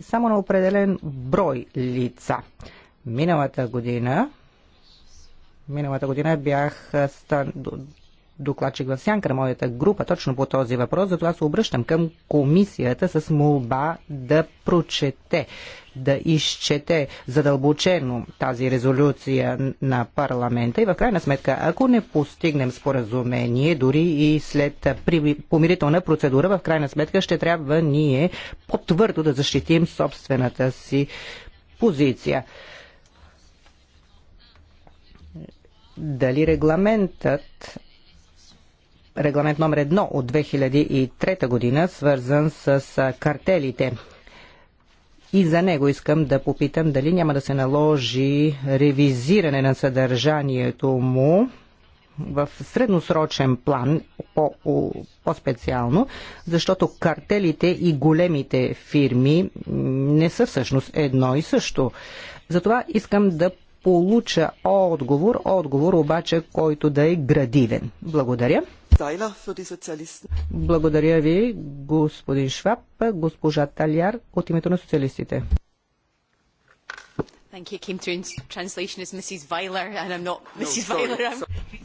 само на определен брой лица. Миналата година Миналата година бях стан докладчик в сянка на моята група точно по този въпрос, затова се обръщам към комисията с молба да прочете, да изчете задълбочено тази резолюция на парламента и в крайна сметка, ако не постигнем споразумение, дори и след помирителна процедура, в крайна сметка ще трябва ние по-твърдо да защитим собствената си позиция. Дали регламентът регламент номер едно от 2003 година, свързан с картелите. И за него искам да попитам дали няма да се наложи ревизиране на съдържанието му в средносрочен план, по-специално, по защото картелите и големите фирми не са всъщност едно и също. Затова искам да получа отговор, отговор обаче, който да е градивен. Благодаря. Благодаря ви, господин Шваб, госпожа Таляр от името на социалистите.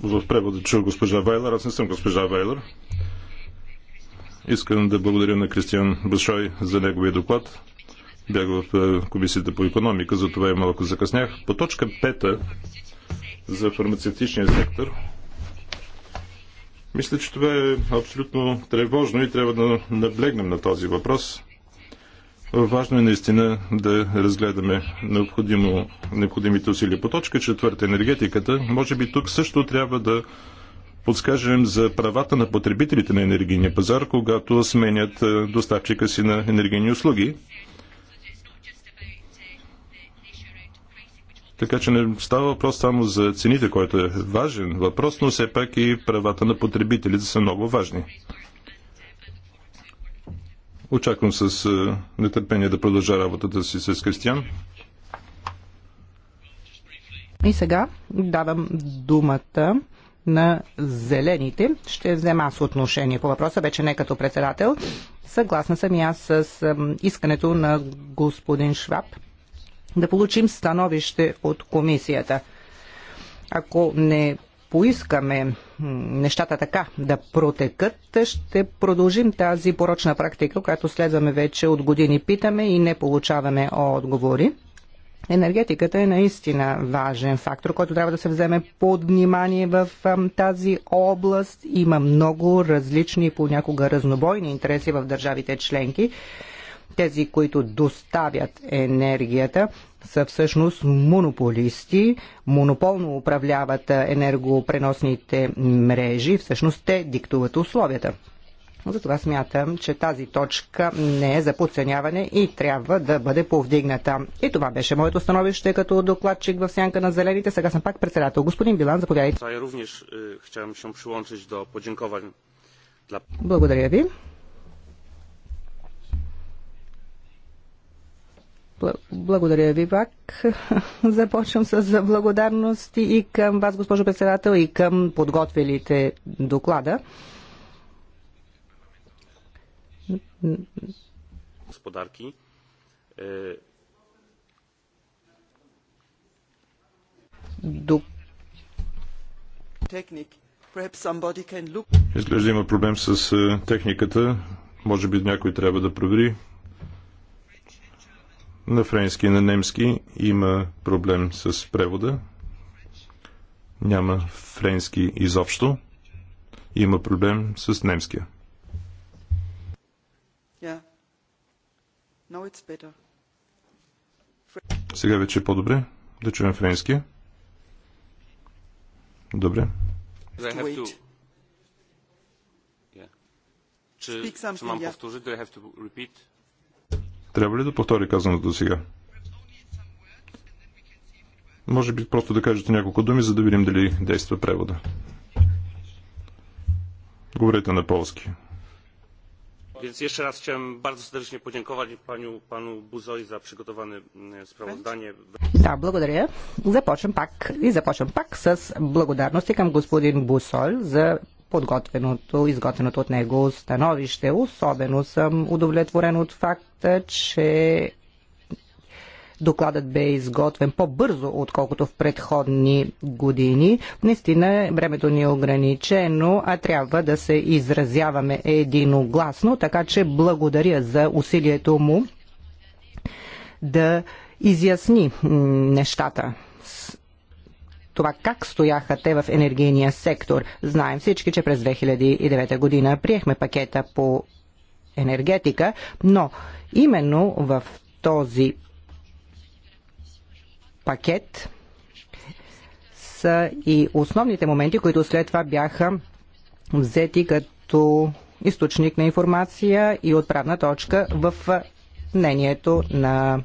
В превода чух госпожа Вайлер, аз не съм госпожа Вайлер. Искам да благодаря на Кристиан Бушой за неговия доклад. Бях в е, Комисията по економика, затова и малко закъснях. По точка 5 за фармацевтичния сектор – мисля, че това е абсолютно тревожно и трябва да наблегнем на този въпрос. Важно е наистина да разгледаме необходимо, необходимите усилия. По точка четвърта енергетиката, може би тук също трябва да подскажем за правата на потребителите на енергийния пазар, когато сменят е, доставчика си на енергийни услуги. Така че не става въпрос само за цените, който е важен въпрос, но все пак и правата на потребителите са много важни. Очаквам с е, нетърпение да продължа работата си с Кристиян. И сега давам думата на зелените. Ще взема аз отношение по въпроса, вече не като председател. Съгласна съм и аз с искането на господин Шваб да получим становище от комисията. Ако не поискаме нещата така да протекат, ще продължим тази порочна практика, която следваме вече от години. Питаме и не получаваме отговори. Енергетиката е наистина важен фактор, който трябва да се вземе под внимание в тази област. Има много различни, понякога разнобойни интереси в държавите членки тези, които доставят енергията, са всъщност монополисти, монополно управляват енергопреносните мрежи, всъщност те диктуват условията. Затова смятам, че тази точка не е за подценяване и трябва да бъде повдигната. И това беше моето становище като докладчик в сянка на зелените. Сега съм пак председател. Господин Билан, заповядайте. Благодаря ви. Благодаря ви пак. Започвам с благодарности и към вас, госпожо председател, и към подготвилите доклада. Господарки. Е, До... Изглежда има проблем с е, техниката. Може би някой трябва да провери. На френски и на немски има проблем с превода. Няма френски изобщо. Има проблем с немския. Yeah. Сега вече е по-добре да чуем френски. Добре. Czy, czy mam трябва ли да повтори казаното сега? Може би просто да кажете няколко думи, за да видим дали действа превода. Говорете на полски. Więc jeszcze raz chciałem bardzo serdecznie podziękować panu, panu Buzoi za przygotowane e, sprawozdanie. Да, благодаря. Започвам пак и започвам пак с благодарности към господин Бусоль за подготвеното, изготвеното от него становище. Особено съм удовлетворен от факта, че докладът бе изготвен по-бързо, отколкото в предходни години. Наистина, времето ни е ограничено, а трябва да се изразяваме единогласно, така че благодаря за усилието му да изясни нещата това как стояха те в енергийния сектор. Знаем всички, че през 2009 година приехме пакета по енергетика, но именно в този пакет са и основните моменти, които след това бяха взети като източник на информация и отправна точка в мнението на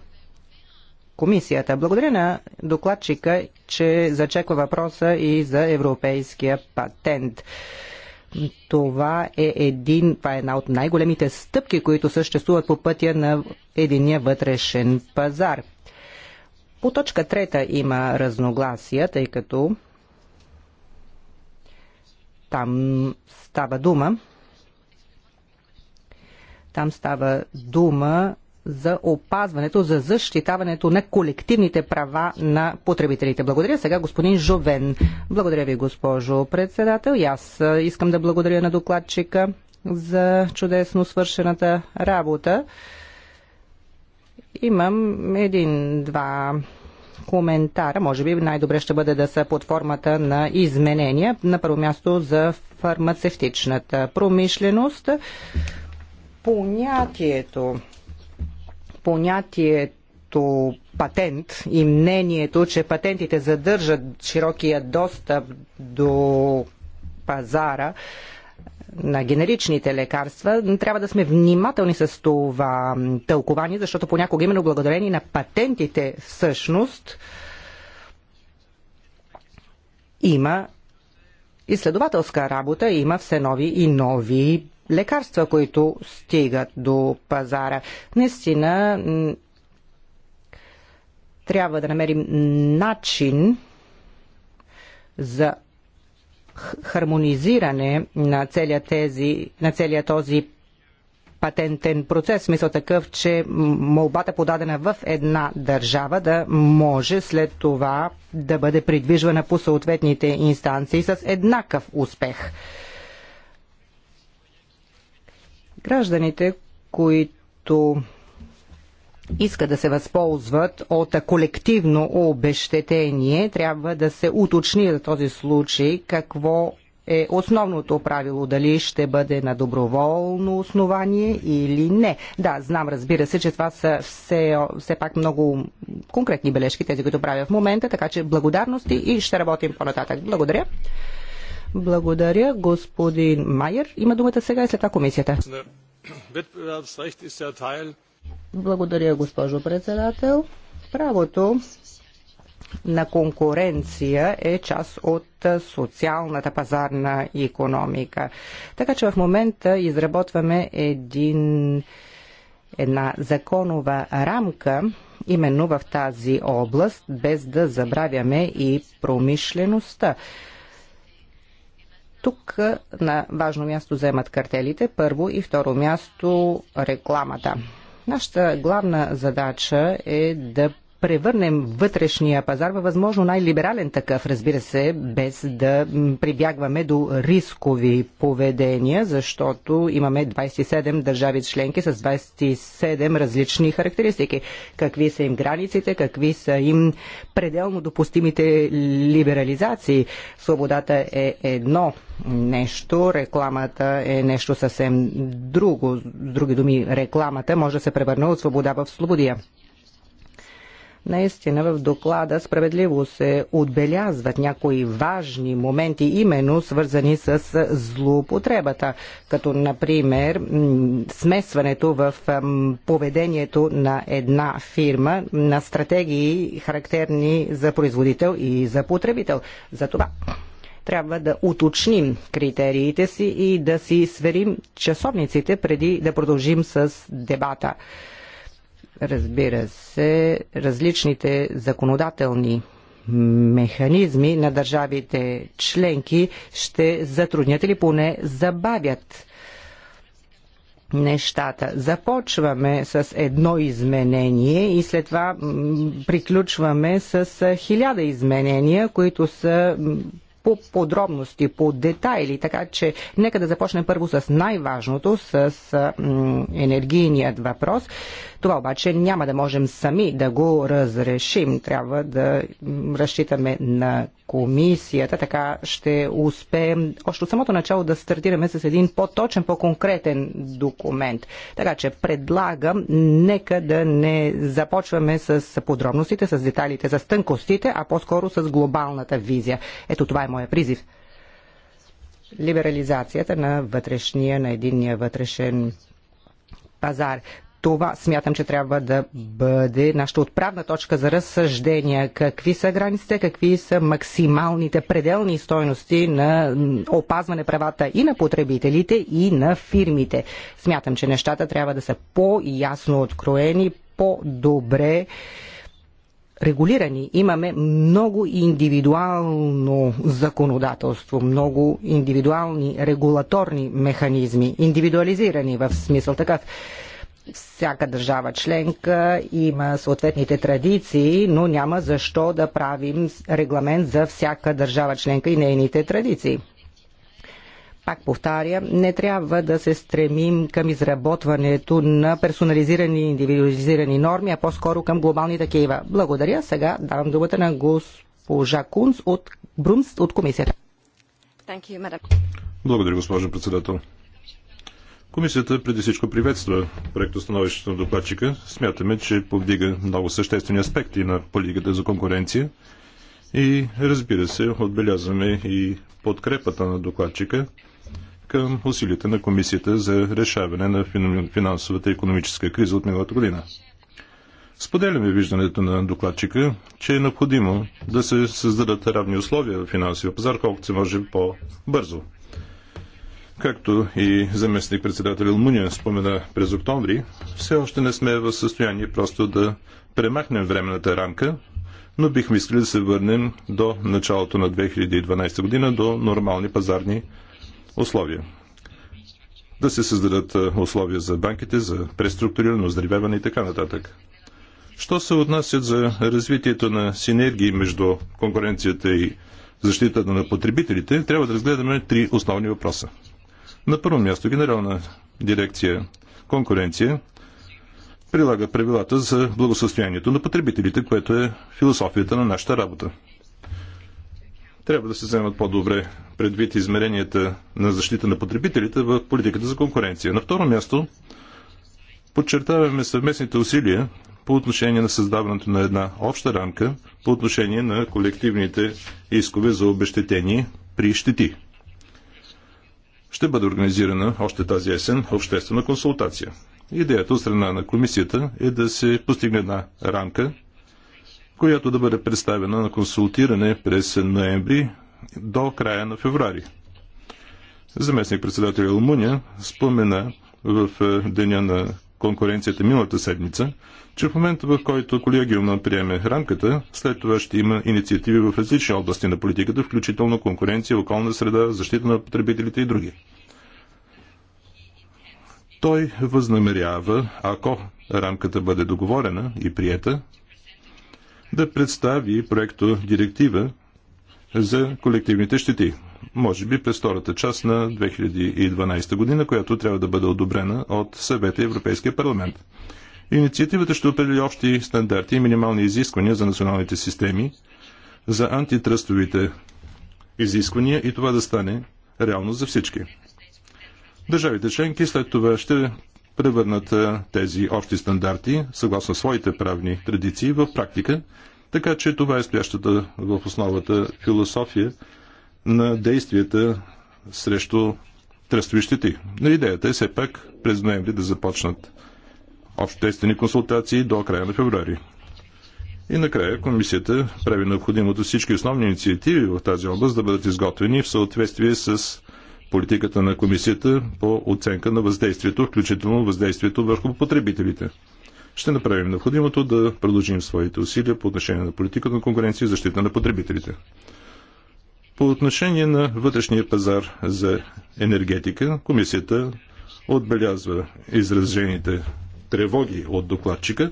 комисията. Благодаря на докладчика, че зачеква въпроса и за европейския патент. Това е, един, това е една от най-големите стъпки, които съществуват по пътя на единия вътрешен пазар. По точка трета има разногласия, тъй като там става дума. Там става дума за опазването, за защитаването на колективните права на потребителите. Благодаря сега господин Жовен. Благодаря ви, госпожо председател. И аз искам да благодаря на докладчика за чудесно свършената работа. Имам един-два коментара. Може би най-добре ще бъде да са под формата на изменения. На първо място за фармацевтичната промишленост. Понятието понятието патент и мнението, че патентите задържат широкия достъп до пазара на генеричните лекарства, трябва да сме внимателни с това тълкование, защото понякога именно благодарение на патентите всъщност има изследователска работа, има все нови и нови лекарства, които стигат до пазара. Наистина трябва да намерим начин за хармонизиране на целия, тези, на целия този патентен процес, смисъл такъв, че молбата подадена в една държава да може след това да бъде придвижвана по съответните инстанции с еднакъв успех. Гражданите, които искат да се възползват от колективно обещетение, трябва да се уточни за този случай какво е основното правило, дали ще бъде на доброволно основание или не. Да, знам, разбира се, че това са все, все пак много конкретни бележки, тези, които правя в момента, така че благодарности и ще работим по-нататък. Благодаря. Благодаря, господин Майер. Има думата сега и след това комисията. Благодаря, госпожо председател. Правото на конкуренция е част от социалната пазарна економика. Така че в момента изработваме един, една законова рамка именно в тази област, без да забравяме и промишлеността. Тук на важно място вземат картелите, първо и второ място рекламата. Нашата главна задача е да превърнем вътрешния пазар във възможно най-либерален такъв, разбира се, без да прибягваме до рискови поведения, защото имаме 27 държави членки с 27 различни характеристики. Какви са им границите, какви са им пределно допустимите либерализации. Свободата е едно нещо, рекламата е нещо съвсем друго. С други думи, рекламата може да се превърне от свобода в свободия. Наистина в доклада справедливо се отбелязват някои важни моменти, именно свързани с злоупотребата, като например смесването в поведението на една фирма на стратегии характерни за производител и за потребител. За това трябва да уточним критериите си и да си сверим часовниците преди да продължим с дебата разбира се, различните законодателни механизми на държавите членки ще затруднят или поне забавят нещата. Започваме с едно изменение и след това приключваме с хиляда изменения, които са по подробности, по детайли, така че нека да започнем първо с най-важното, с енергийният въпрос. Това обаче няма да можем сами да го разрешим. Трябва да разчитаме на комисията. Така ще успеем още от самото начало да стартираме с един по-точен, по-конкретен документ. Така че предлагам, нека да не започваме с подробностите, с деталите, с тънкостите, а по-скоро с глобалната визия. Ето това е моя призив либерализацията на вътрешния, на единния вътрешен пазар това смятам, че трябва да бъде нашата отправна точка за разсъждения. Какви са границите, какви са максималните пределни стойности на опазване правата и на потребителите, и на фирмите. Смятам, че нещата трябва да са по-ясно откроени, по-добре регулирани. Имаме много индивидуално законодателство, много индивидуални регулаторни механизми, индивидуализирани в смисъл такъв всяка държава членка има съответните традиции, но няма защо да правим регламент за всяка държава членка и нейните традиции. Пак повтаря, не трябва да се стремим към изработването на персонализирани и индивидуализирани норми, а по-скоро към глобални такива. Благодаря. Сега давам думата на госпожа Кунс от Брумс от комисията. Благодаря, госпожо председател. Комисията преди всичко приветства проектостановището на докладчика. Смятаме, че повдига много съществени аспекти на политиката за конкуренция и разбира се, отбелязваме и подкрепата на докладчика към усилията на Комисията за решаване на финансовата и економическа криза от миналата година. Споделяме виждането на докладчика, че е необходимо да се създадат равни условия в финансовия пазар, колкото се може по-бързо. Както и заместник председател Илмуния спомена през октомври, все още не сме в състояние просто да премахнем временната рамка, но бихме искали да се върнем до началото на 2012 година до нормални пазарни условия. Да се създадат условия за банките, за преструктуриране, оздравяване и така нататък. Що се отнасят за развитието на синергии между конкуренцията и защитата на потребителите, трябва да разгледаме три основни въпроса. На първо място Генерална дирекция конкуренция прилага правилата за благосъстоянието на потребителите, което е философията на нашата работа. Трябва да се вземат по-добре предвид измеренията на защита на потребителите в политиката за конкуренция. На второ място подчертаваме съвместните усилия по отношение на създаването на една обща рамка по отношение на колективните искове за обещетение при щети ще бъде организирана още тази есен обществена консултация. Идеята от страна на комисията е да се постигне една рамка, която да бъде представена на консултиране през ноември до края на феврари. Заместник председател Елмуния спомена в е, деня на конкуренцията миналата седмица, че в момента, в който колегиума приеме рамката, след това ще има инициативи в различни области на политиката, включително конкуренция, околна среда, защита на потребителите и други. Той възнамерява, ако рамката бъде договорена и приета, да представи проекто директива за колективните щети. Може би през втората част на 2012 година, която трябва да бъде одобрена от съвета Европейския парламент. Инициативата ще определи общи стандарти и минимални изисквания за националните системи, за антитръстовите изисквания и това да стане реално за всички. Държавите членки след това ще превърнат тези общи стандарти, съгласно своите правни традиции, в практика, така че това е стоящата в основата философия на действията срещу тръстовищите. щети. Идеята е все пак през ноември да започнат обществени консултации до края на феврари. И накрая комисията прави необходимото всички основни инициативи в тази област да бъдат изготвени в съответствие с политиката на комисията по оценка на въздействието, включително въздействието върху потребителите. Ще направим необходимото да продължим своите усилия по отношение на политиката на конкуренция и защита на потребителите. По отношение на вътрешния пазар за енергетика, комисията отбелязва изражените тревоги от докладчика.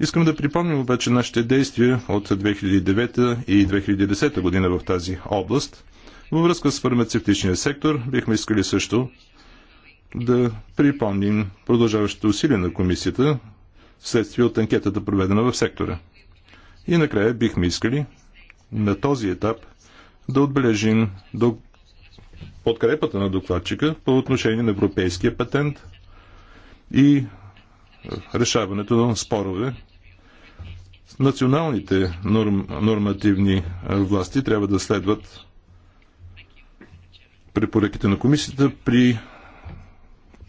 Искам да припомним обаче нашите действия от 2009 и 2010 година в тази област. Във връзка с фармацевтичния сектор бихме искали също да припомним продължаващите усилия на комисията вследствие от анкетата проведена в сектора. И накрая бихме искали на този етап да отбележим до подкрепата на докладчика по отношение на европейския патент, и решаването на спорове. Националните норм, нормативни власти трябва да следват препоръките на комисията при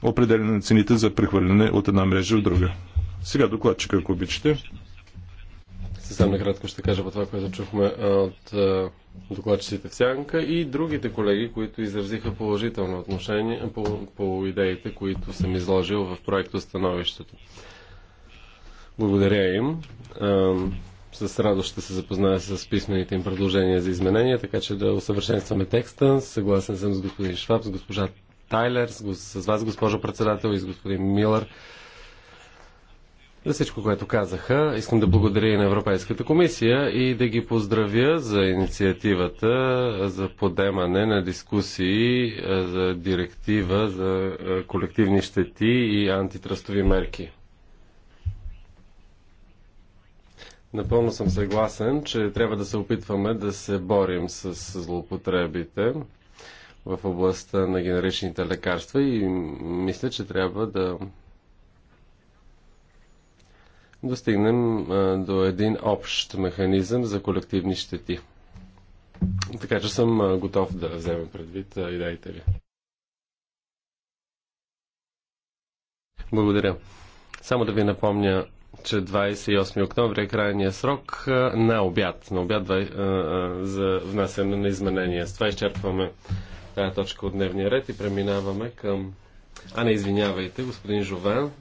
определяне на цените за прехвърляне от една мрежа в друга. Сега докладчика, ако обичате. Съвсем накратко ще кажа по това, което чухме от докладчиците в Сянка и другите колеги, които изразиха положително отношение по, по идеите, които съм изложил в проекта становището. Благодаря им. С радост ще се запозная с писмените им предложения за изменения, така че да усъвършенстваме текста. Съгласен съм с господин Шваб, с госпожа Тайлер, с вас, госпожо председател и с господин Милър за всичко, което казаха. Искам да благодаря и на Европейската комисия и да ги поздравя за инициативата за подемане на дискусии е, за директива за е, колективни щети и антитръстови мерки. Напълно съм съгласен, че трябва да се опитваме да се борим с злоупотребите в областта на генеричните лекарства и мисля, че трябва да да стигнем до един общ механизъм за колективни щети. Така че съм готов да вземем предвид идеите ви. Благодаря. Само да ви напомня, че 28 октомври е крайния срок на обяд, на обяд за внасяне на изменения. С това изчерпваме тази точка от дневния ред и преминаваме към... А, не, извинявайте, господин Жовен.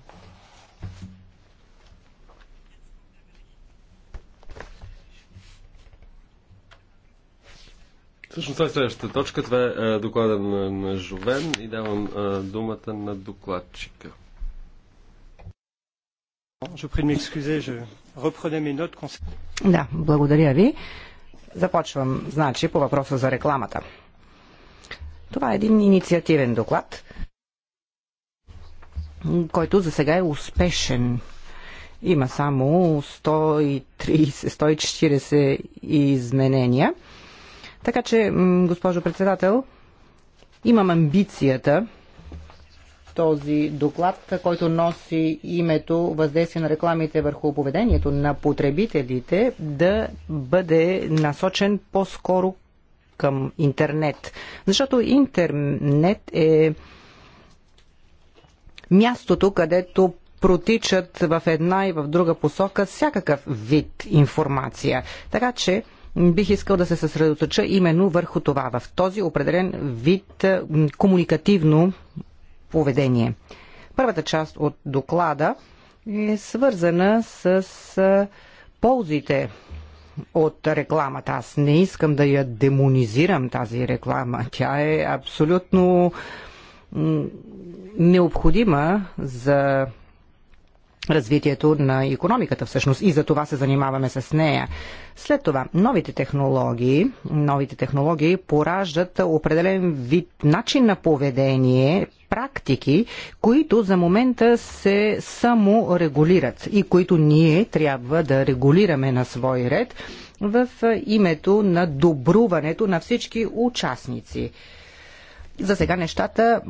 Всъщност това е следващата точка. Това е, е доклада на, на Жовен и давам а, е, думата на докладчика. Да, благодаря ви. Започвам, значи, по въпроса за рекламата. Това е един инициативен доклад, който за сега е успешен. Има само 130-140 изменения – така че, госпожо председател, имам амбицията този доклад, който носи името Въздействие на рекламите върху поведението на потребителите, да бъде насочен по-скоро към интернет. Защото интернет е мястото, където протичат в една и в друга посока всякакъв вид информация. Така че бих искал да се съсредоточа именно върху това, в този определен вид е, комуникативно поведение. Първата част от доклада е свързана с е, ползите от рекламата. Аз не искам да я демонизирам тази реклама. Тя е абсолютно необходима за развитието на економиката всъщност и за това се занимаваме с нея. След това, новите технологии, новите технологии пораждат определен вид начин на поведение, практики, които за момента се саморегулират и които ние трябва да регулираме на свой ред в името на добруването на всички участници. За сега нещата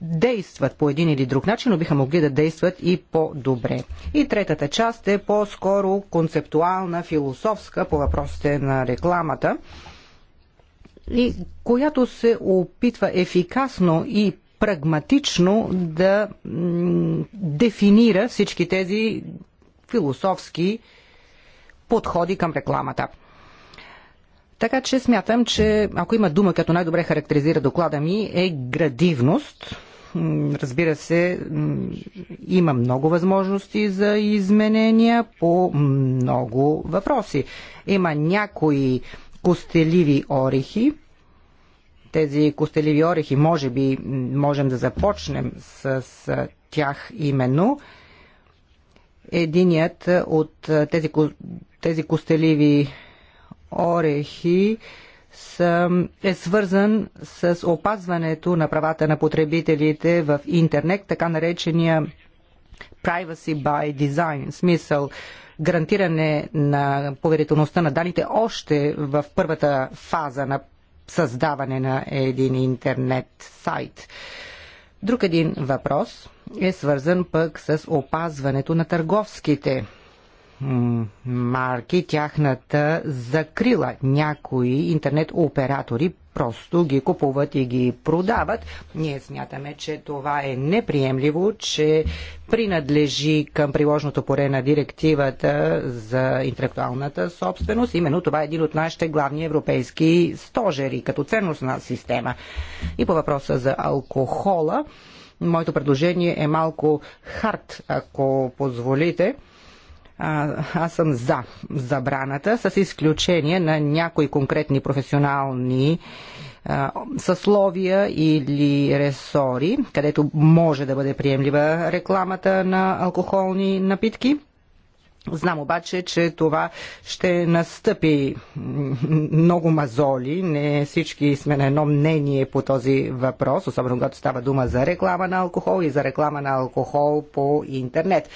действат по един или друг начин, но биха могли да действат и по-добре. И третата част е по-скоро концептуална, философска по въпросите на рекламата, и която се опитва ефикасно и прагматично да дефинира всички тези философски подходи към рекламата. Така че смятам, че ако има дума, като най-добре характеризира доклада ми, е градивност – Разбира се, има много възможности за изменения по много въпроси. Има някои костеливи орехи. Тези костеливи орехи, може би, можем да започнем с тях именно. Единият от тези, тези костеливи орехи е свързан с опазването на правата на потребителите в интернет, така наречения privacy by design, смисъл гарантиране на поверителността на данните още в първата фаза на създаване на един интернет сайт. Друг един въпрос е свързан пък с опазването на търговските марки, тяхната закрила. Някои интернет оператори просто ги купуват и ги продават. Ние смятаме, че това е неприемливо, че принадлежи към приложното поре на директивата за интелектуалната собственост. Именно това е един от нашите главни европейски стожери като ценностна система. И по въпроса за алкохола, моето предложение е малко хард, ако позволите а, аз съм за забраната, с изключение на някои конкретни професионални а, съсловия или ресори, където може да бъде приемлива рекламата на алкохолни напитки. Знам обаче, че това ще настъпи много мазоли. Не всички сме на едно мнение по този въпрос, особено когато става дума за реклама на алкохол и за реклама на алкохол по интернет.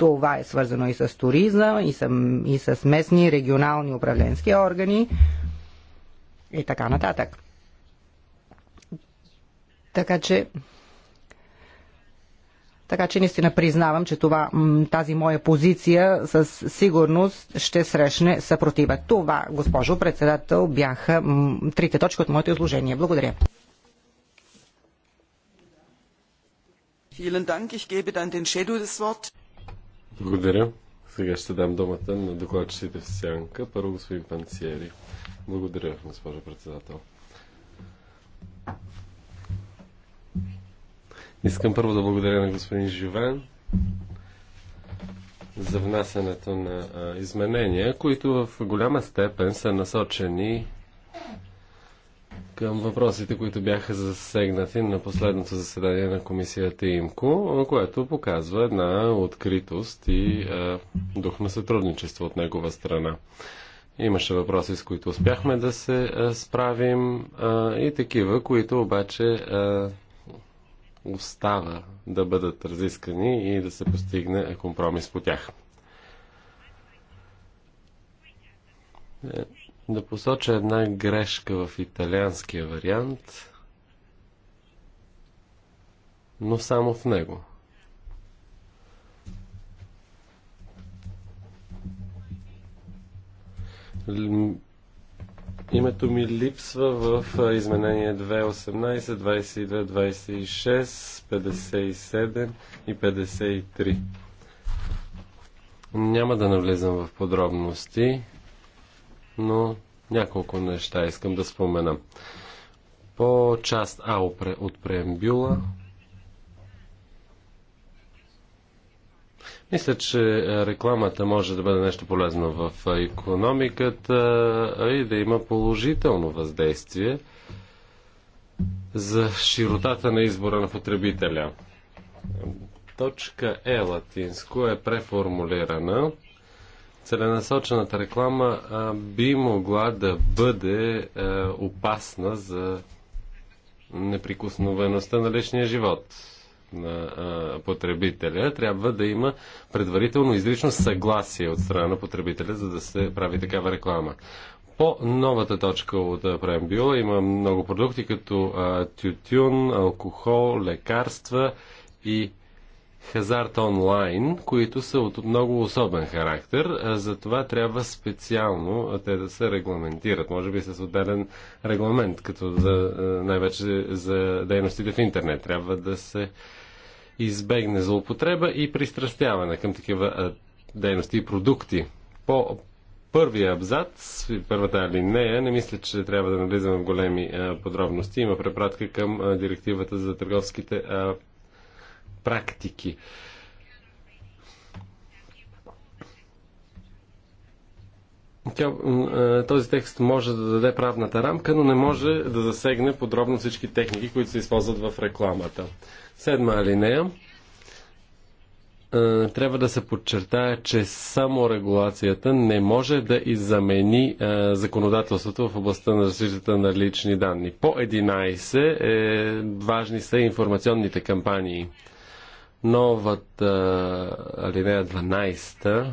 Това е свързано и с туризъм, и с, и с местни регионални управленски органи и така нататък. Така че така че наистина признавам, че това, тази моя позиция със сигурност ще срещне съпротива. Това, госпожо председател, бяха трите точки от моето изложение. Благодаря. Благодаря. Сега ще дам думата на докладчиците в сянка. Първо господин Панциери. Благодаря, госпожо председател. Искам първо да благодаря на господин Живен за внасянето на изменения, които в голяма степен са насочени към въпросите, които бяха засегнати на последното заседание на комисията ИМКО, което показва една откритост и а, дух на сътрудничество от негова страна. Имаше въпроси, с които успяхме да се а, справим а, и такива, които обаче а, остава да бъдат разискани и да се постигне компромис по тях. Е да посоча една грешка в италианския вариант, но само в него. Името ми липсва в изменение 2.18, 22, 26, 57 и 53. Няма да навлизам в подробности но няколко неща искам да спомена. По част А от преембюла, Мисля, че е, рекламата може да бъде нещо полезно в економиката и да има положително въздействие за широтата на избора на потребителя. Точка Е латинско е преформулирана целенасочената реклама а, би могла да бъде а, опасна за неприкосновеността на личния живот на а, потребителя. Трябва да има предварително изрично съгласие от страна на потребителя, за да се прави такава реклама. По новата точка от Прембюла има много продукти, като а, тютюн, алкохол, лекарства и хазарт онлайн, които са от много особен характер. Затова трябва специално те да се регламентират. Може би с отделен регламент, като за, най-вече за дейностите в интернет. Трябва да се избегне злоупотреба и пристрастяване към такива дейности и продукти. По първия абзац, първата алинея, не мисля, че трябва да навлизаме в големи подробности. Има препратка към директивата за търговските практики. Тя, този текст може да даде правната рамка, но не може да засегне подробно всички техники, които се използват в рекламата. Седма алинея. Трябва да се подчертая, че само регулацията не може да иззамени законодателството в областта на защитата на лични данни. По 11 е, важни са информационните кампании новата алинея 12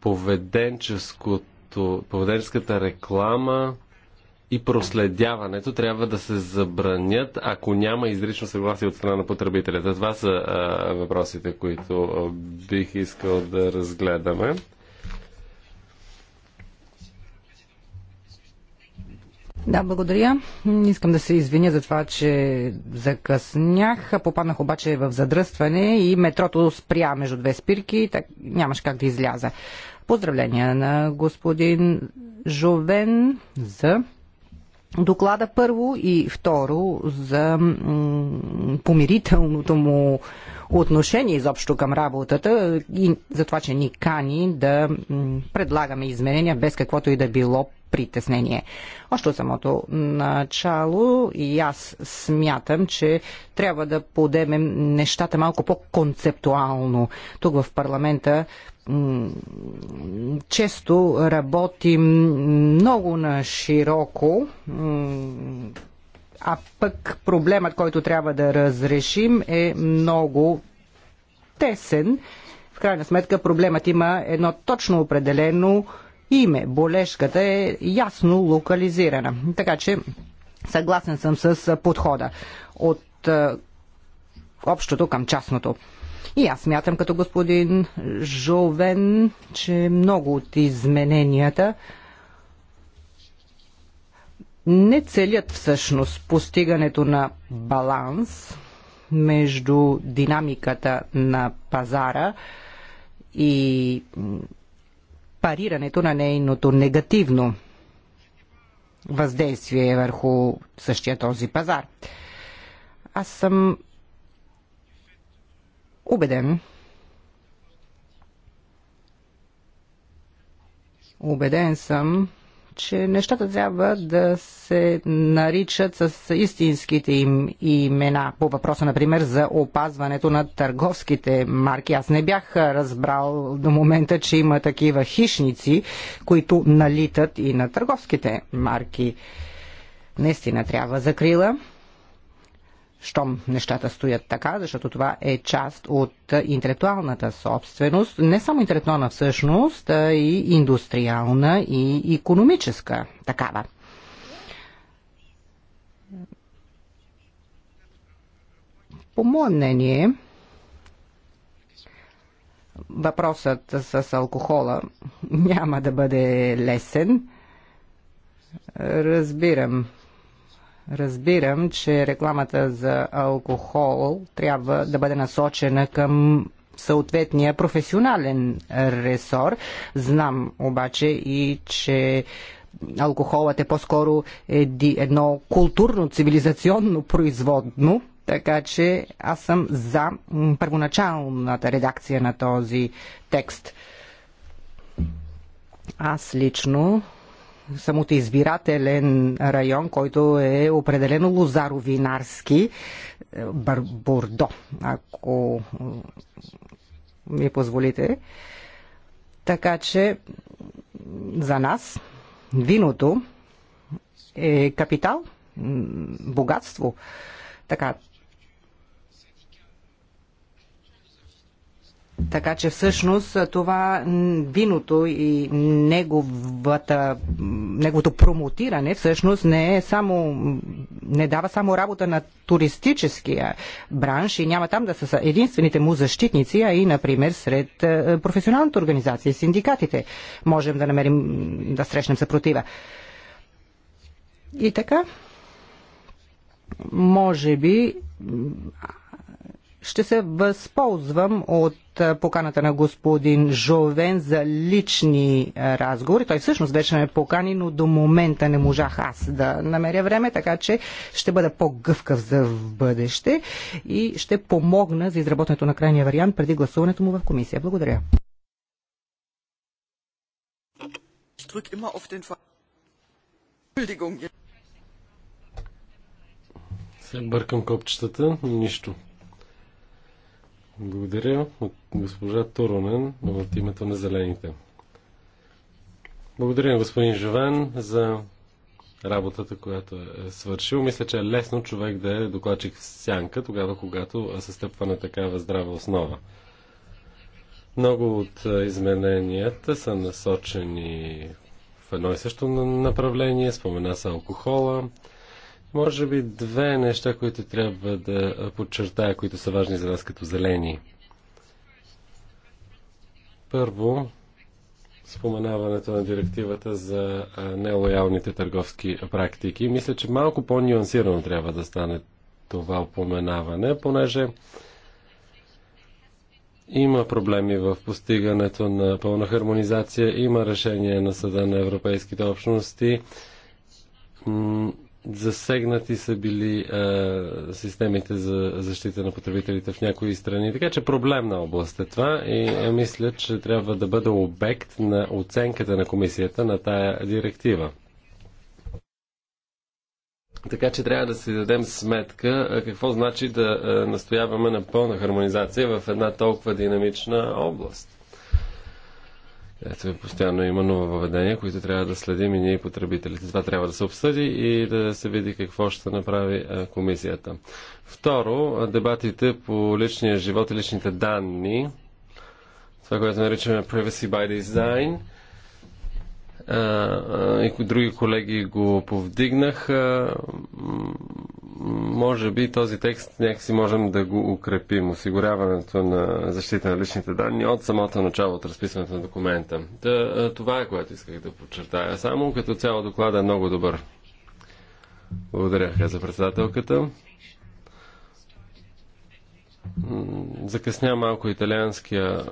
поведенческото, поведенческата реклама и проследяването трябва да се забранят, ако няма изрично съгласие от страна на потребителите. Това са а, въпросите, които а, бих искал да разгледаме. Да, благодаря. Искам да се извиня за това, че закъснях. Попаднах обаче в задръстване и метрото спря между две спирки, так нямаш как да изляза. Поздравления на господин Жовен за доклада първо и второ за помирителното му отношение изобщо към работата и за това, че ни кани да предлагаме изменения без каквото и да било притеснение. Още от самото начало и аз смятам, че трябва да подемем нещата малко по-концептуално. Тук в парламента често работим много на широко а пък проблемът, който трябва да разрешим е много тесен. В крайна сметка проблемът има едно точно определено име. Болешката е ясно локализирана. Така че съгласен съм с подхода от е, общото към частното. И аз мятам като господин Жовен, че много от измененията не целят всъщност постигането на баланс между динамиката на пазара и парирането на нейното негативно въздействие върху същия този пазар. Аз съм убеден, убеден съм, че нещата трябва да се наричат с истинските им имена. По въпроса, например, за опазването на търговските марки. Аз не бях разбрал до момента, че има такива хищници, които налитат и на търговските марки. Наистина трябва закрила щом нещата стоят така, защото това е част от интелектуалната собственост, не само интелектуална всъщност, а и индустриална и економическа такава. По мое мнение, въпросът с алкохола няма да бъде лесен. Разбирам разбирам, че рекламата за алкохол трябва да бъде насочена към съответния професионален ресор. Знам обаче и, че алкохолът е по-скоро едно културно, цивилизационно производно, така че аз съм за първоначалната редакция на този текст. Аз лично самото избирателен район, който е определено лозаровинарски, е, Бордо, ако ми позволите. Така че за нас виното е капитал, богатство. Така, Така че всъщност това виното и неговата, неговото промотиране всъщност не е само, не дава само работа на туристическия бранш и няма там да са единствените му защитници, а и, например, сред е, професионалните организация синдикатите можем да намерим, да срещнем съпротива. И така, може би, ще се възползвам от поканата на господин Жовен за лични разговори. Той всъщност вече ме е покани, но до момента не можах аз да намеря време, така че ще бъда по-гъвкав за в бъдеще и ще помогна за изработването на крайния вариант преди гласуването му в комисия. Благодаря. Се бъркам копчетата, нищо. Благодаря, госпожа Туронен, от името на Зелените. Благодаря на господин Живен за работата, която е свършил. Мисля, че е лесно човек да е докладчик в сянка, тогава когато се стъпва на такава здрава основа. Много от измененията са насочени в едно и също направление. Спомена се алкохола, може би две неща, които трябва да подчертая, които са важни за вас като зелени. Първо, споменаването на директивата за нелоялните търговски практики. Мисля, че малко по-нюансирано трябва да стане това упоменаване, понеже има проблеми в постигането на пълна хармонизация, има решение на Съда на Европейските общности Засегнати са били а, е, системите за защита на потребителите в някои страни. Така че проблемна област е това и е, мисля, че трябва да бъде обект на оценката на комисията на тая директива. Така че трябва да си дадем сметка е, какво значи да настояваме на пълна хармонизация в една толкова динамична област. Ето, постоянно има въведение, които трябва да следим и ние потребителите. Това трябва да се обсъди и да се види какво ще направи комисията. Второ, дебатите по личния живот и личните данни, това, което наричаме Privacy by Design, и други колеги го повдигнаха може би този текст някакси можем да го укрепим. Осигуряването на защита на личните данни от самото начало, от разписването на документа. Да, това е което исках да подчертая. Само като цяло доклада е много добър. Благодаря за председателката. Закъсня малко италианския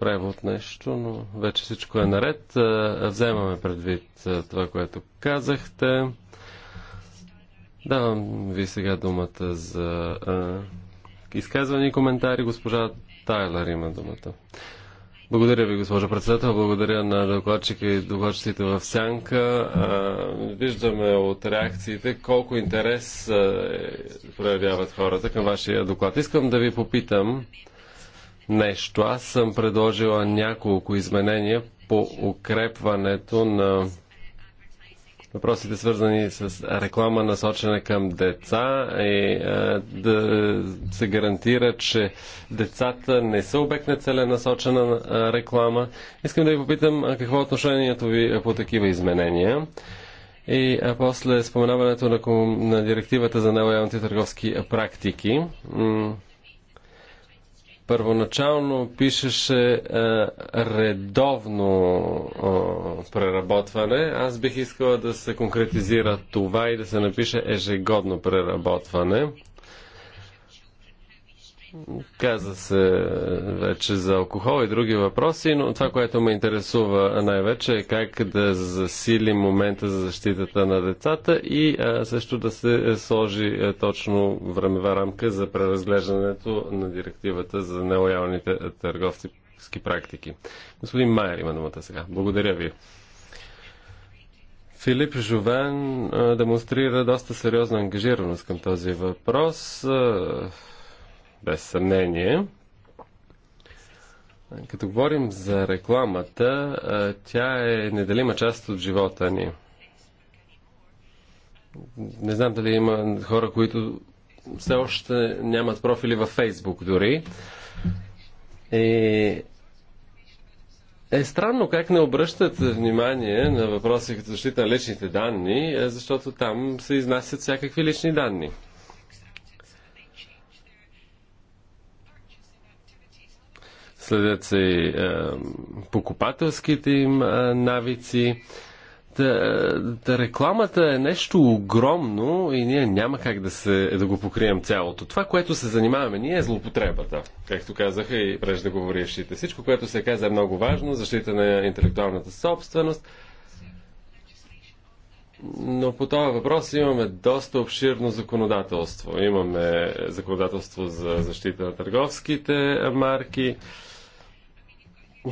превод нещо, но вече всичко е наред. Вземаме предвид това, което казахте. Давам ви сега думата за а, изказване и коментари. Госпожа Тайлер има думата. Благодаря ви, госпожа председател. Благодаря на докладчика и докладчиците в Сянка. А, виждаме от реакциите колко интерес а, проявяват хората към вашия доклад. Искам да ви попитам нещо. Аз съм предложила няколко изменения по укрепването на въпросите свързани с реклама насочена към деца и а, да се гарантира, че децата не са обект на целенасочена реклама. Искам да ви попитам какво е отношението ви по такива изменения. И а после споменаването на, на директивата за нелоялните търговски практики. Първоначално пишеше а, е, редовно а, е, преработване. Аз бих искала да се конкретизира това и да се напише ежегодно преработване. Каза се е, вече за алкохол и други въпроси, но това, което ме интересува най-вече е как да засили момента за защитата на децата и а, е, също да се сложи е, точно времева рамка за преразглеждането на директивата за нелоялните търговски практики. Господин Майер има думата сега. Благодаря ви. Филип Жовен демонстрира доста сериозна ангажираност към този въпрос без съмнение. Като говорим за рекламата, тя е неделима част от живота ни. Не знам дали има хора, които все още нямат профили във Фейсбук дори. И е странно как не обръщат внимание на въпроси като защита на личните данни, е, защото там се изнасят всякакви лични данни. следят се и е, покупателските им е, навици. Та, е, та рекламата е нещо огромно и ние няма как да, се, да го покрием цялото. Това, което се занимаваме ние е злоупотребата, както казаха и преждеговорившите. Всичко, което се каза е много важно, защита на интелектуалната собственост, но по този въпрос имаме доста обширно законодателство. Имаме законодателство за защита на търговските марки,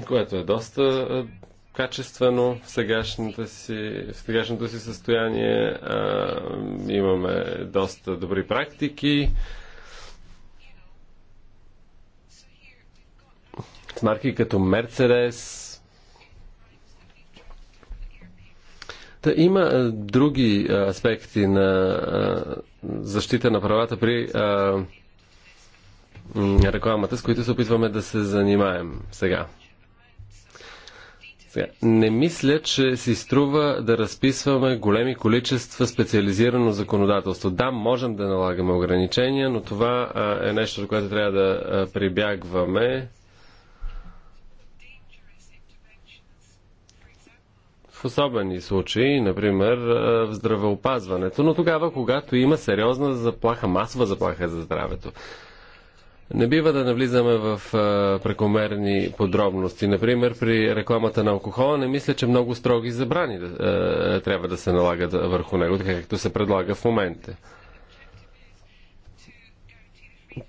което е доста качествено в сегашното си, в сегашното си състояние. А, имаме доста добри практики. С марки като Мерцедес. Та има а, други а, аспекти на а, защита на правата при а, рекламата, с които се опитваме да се занимаем сега не мисля, че си струва да разписваме големи количества специализирано законодателство. Да, можем да налагаме ограничения, но това е нещо, до което трябва да прибягваме. в особени случаи, например в здравеопазването, но тогава, когато има сериозна заплаха, масова заплаха за здравето. Не бива да навлизаме в а, прекомерни подробности. Например, при рекламата на алкохола не мисля, че много строги забрани а, трябва да се налагат върху него, така както се предлага в момента.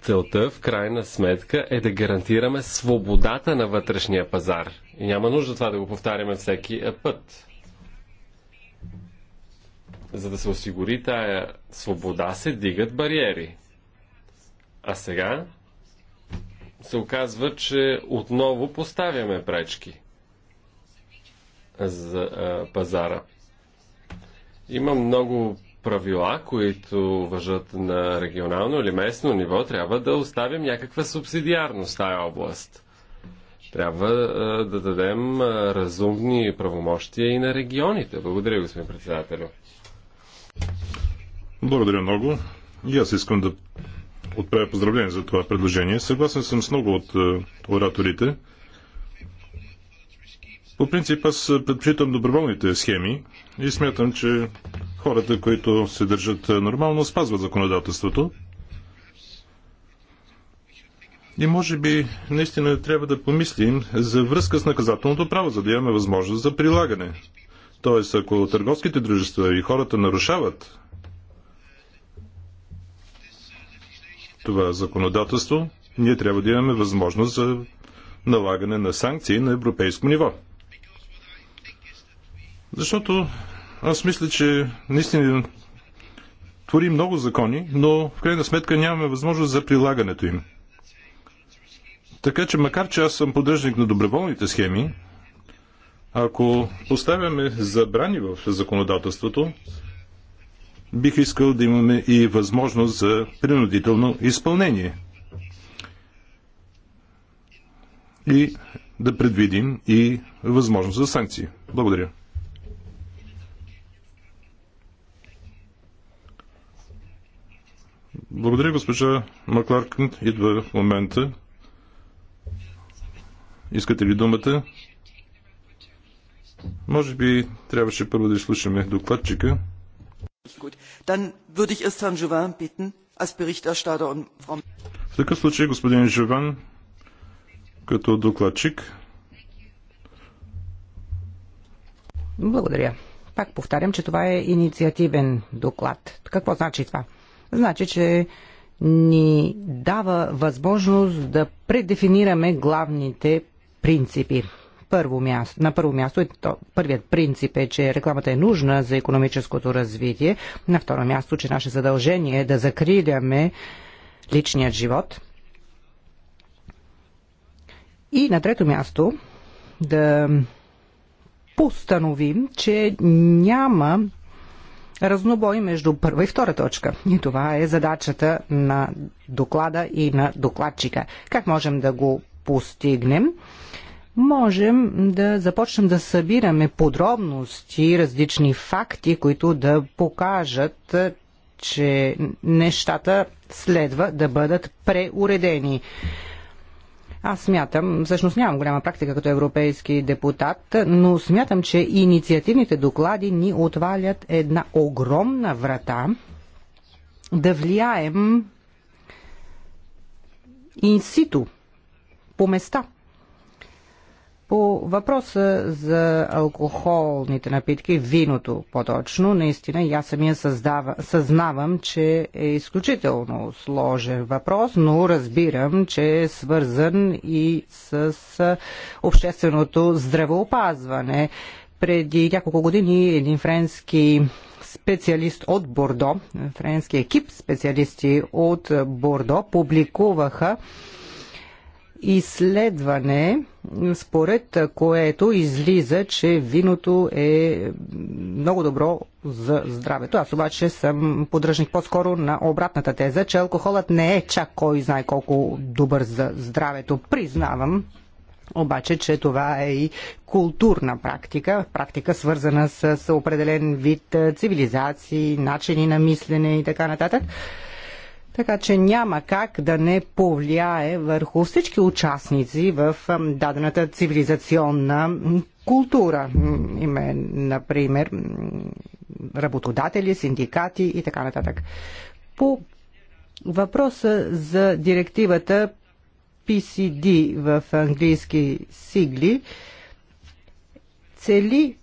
Целта, в крайна сметка, е да гарантираме свободата на вътрешния пазар. И няма нужда това да го повтаряме всеки път. За да се осигури тая свобода, се дигат бариери. А сега се оказва, че отново поставяме пречки за а, пазара. Има много правила, които въжат на регионално или местно ниво. Трябва да оставим някаква субсидиарност в тази област. Трябва а, да дадем а, разумни правомощия и на регионите. Благодаря, господин председател. Благодаря много. И аз искам да отправя поздравление за това предложение. Съгласен съм с много от е, ораторите. По принцип аз предпочитам доброволните схеми и смятам, че хората, които се държат е, нормално, спазват законодателството. И може би наистина трябва да помислим за връзка с наказателното право, за да имаме възможност за прилагане. Тоест, ако търговските дружества и хората нарушават това законодателство, ние трябва да имаме възможност за налагане на санкции на европейско ниво. Защото аз мисля, че наистина твори много закони, но в крайна сметка нямаме възможност за прилагането им. Така че, макар че аз съм поддръжник на доброволните схеми, ако поставяме забрани в законодателството, бих искал да имаме и възможност за принудително изпълнение. И да предвидим и възможност за санкции. Благодаря. Благодаря, госпожа Макларк. Идва в момента. Искате ли думата? Може би трябваше първо да изслушаме докладчика. В такъв случай, господин Живан, като докладчик. Благодаря. Пак повтарям, че това е инициативен доклад. Какво значи това? Значи, че ни дава възможност да предефинираме главните принципи първо място, на първо място, то, първият принцип е, че рекламата е нужна за економическото развитие. На второ място, че наше задължение е да закриляме личният живот. И на трето място, да постановим, че няма разнобой между първа и втора точка. И това е задачата на доклада и на докладчика. Как можем да го постигнем? можем да започнем да събираме подробности, различни факти, които да покажат, е, че нещата следва да бъдат преуредени. Аз смятам, всъщност нямам голяма практика като европейски депутат, но смятам, че инициативните доклади ни отвалят една огромна врата да влияем инситу по места – по въпроса за алкохолните напитки, виното по-точно, наистина и аз самия създава, съзнавам, че е изключително сложен въпрос, но разбирам, че е свързан и с общественото здравеопазване. Преди няколко години един френски специалист от Бордо, френски екип специалисти от Бордо публикуваха изследване, според което излиза, че виното е много добро за здравето. Аз обаче съм подръжник по-скоро на обратната теза, че алкохолът не е чак кой знае колко добър за здравето. Признавам, обаче, че това е и културна практика, практика свързана с определен вид цивилизации, начини на мислене и така нататък така че няма как да не повлияе върху всички участници в дадената цивилизационна култура. Име, например, работодатели, синдикати и така нататък. По въпроса за директивата PCD в английски сигли цели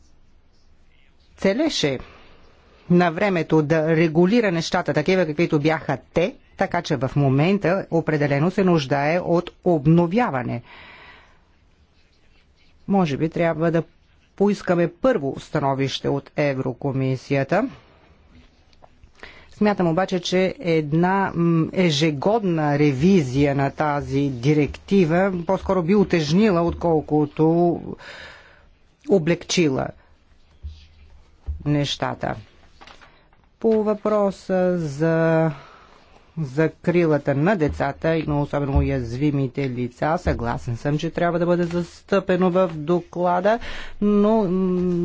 целеше на времето да регулира нещата такива, каквито бяха те, така че в момента определено се нуждае от обновяване. Може би трябва да поискаме първо становище от Еврокомисията. Смятам обаче, че една ежегодна ревизия на тази директива по-скоро би утежнила, отколкото облегчила нещата. По въпроса за закрилата на децата и на особено уязвимите лица. Съгласен съм, че трябва да бъде застъпено в доклада, но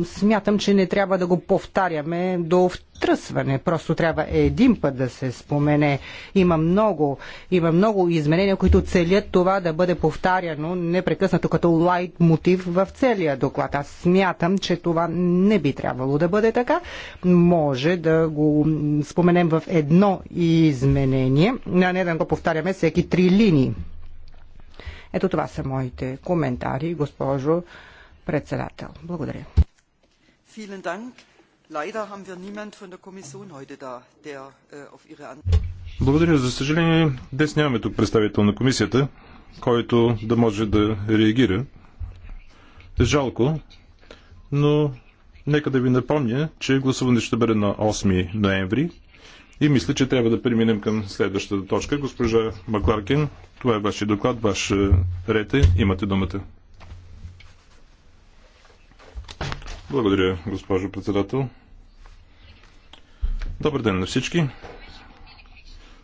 смятам, че не трябва да го повтаряме до разтръсване. Просто трябва един път да се спомене. Има много, има много изменения, които целят това да бъде повтаряно непрекъснато като лайт мотив в целия доклад. Аз смятам, че това не би трябвало да бъде така. Може да го споменем в едно изменение, а не да го повтаряме всеки три линии. Ето това са моите коментари, госпожо председател. Благодаря. Leider haben wir niemand von der Kommission heute da, der äh, auf ihre Благодаря. За съжаление, днес нямаме тук представител на комисията, който да може да реагира. Жалко, но нека да ви напомня, че гласуването ще бъде на 8 ноември и мисля, че трябва да преминем към следващата точка. Госпожа Макларкин, това е вашия доклад, ваш е, ред е. Имате думата. Благодаря, госпожо председател. Добър ден на всички.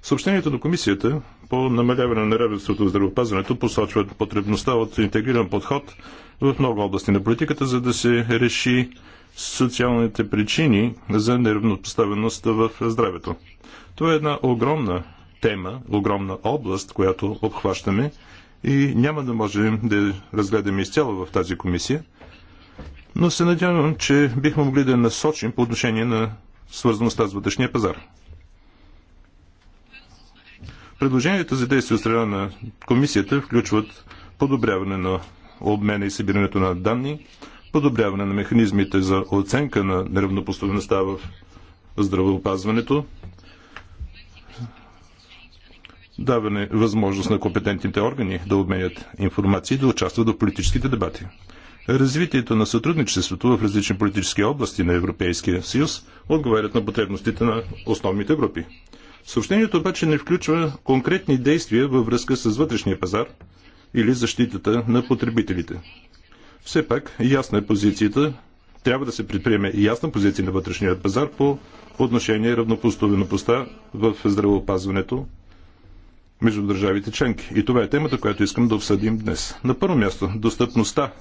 Съобщението на комисията по намаляване на неравенството в здравеопазването посочва потребността от интегриран подход в много области на политиката, за да се реши социалните причини за неравнопоставеност в здравето. Това е една огромна тема, огромна област, която обхващаме и няма да можем да разгледаме изцяло в тази комисия, но се надявам, че бихме могли да насочим по отношение на свързано с тази вътрешния пазар. Предложенията за действие от страна на комисията включват подобряване на обмена и събирането на данни, подобряване на механизмите за оценка на неравнопоставеността в здравеопазването, даване възможност на компетентните органи да обменят информация и да участват в политическите дебати. Развитието на сътрудничеството в различни политически области на Европейския съюз отговарят на потребностите на основните групи. Съобщението обаче не включва конкретни действия във връзка с вътрешния пазар или защитата на потребителите. Все пак, ясна е позицията, трябва да се предприеме ясна позиция на вътрешния пазар по отношение равнопоставеността в здравеопазването между държавите членки. И това е темата, която искам да обсъдим днес. На първо място, достъпността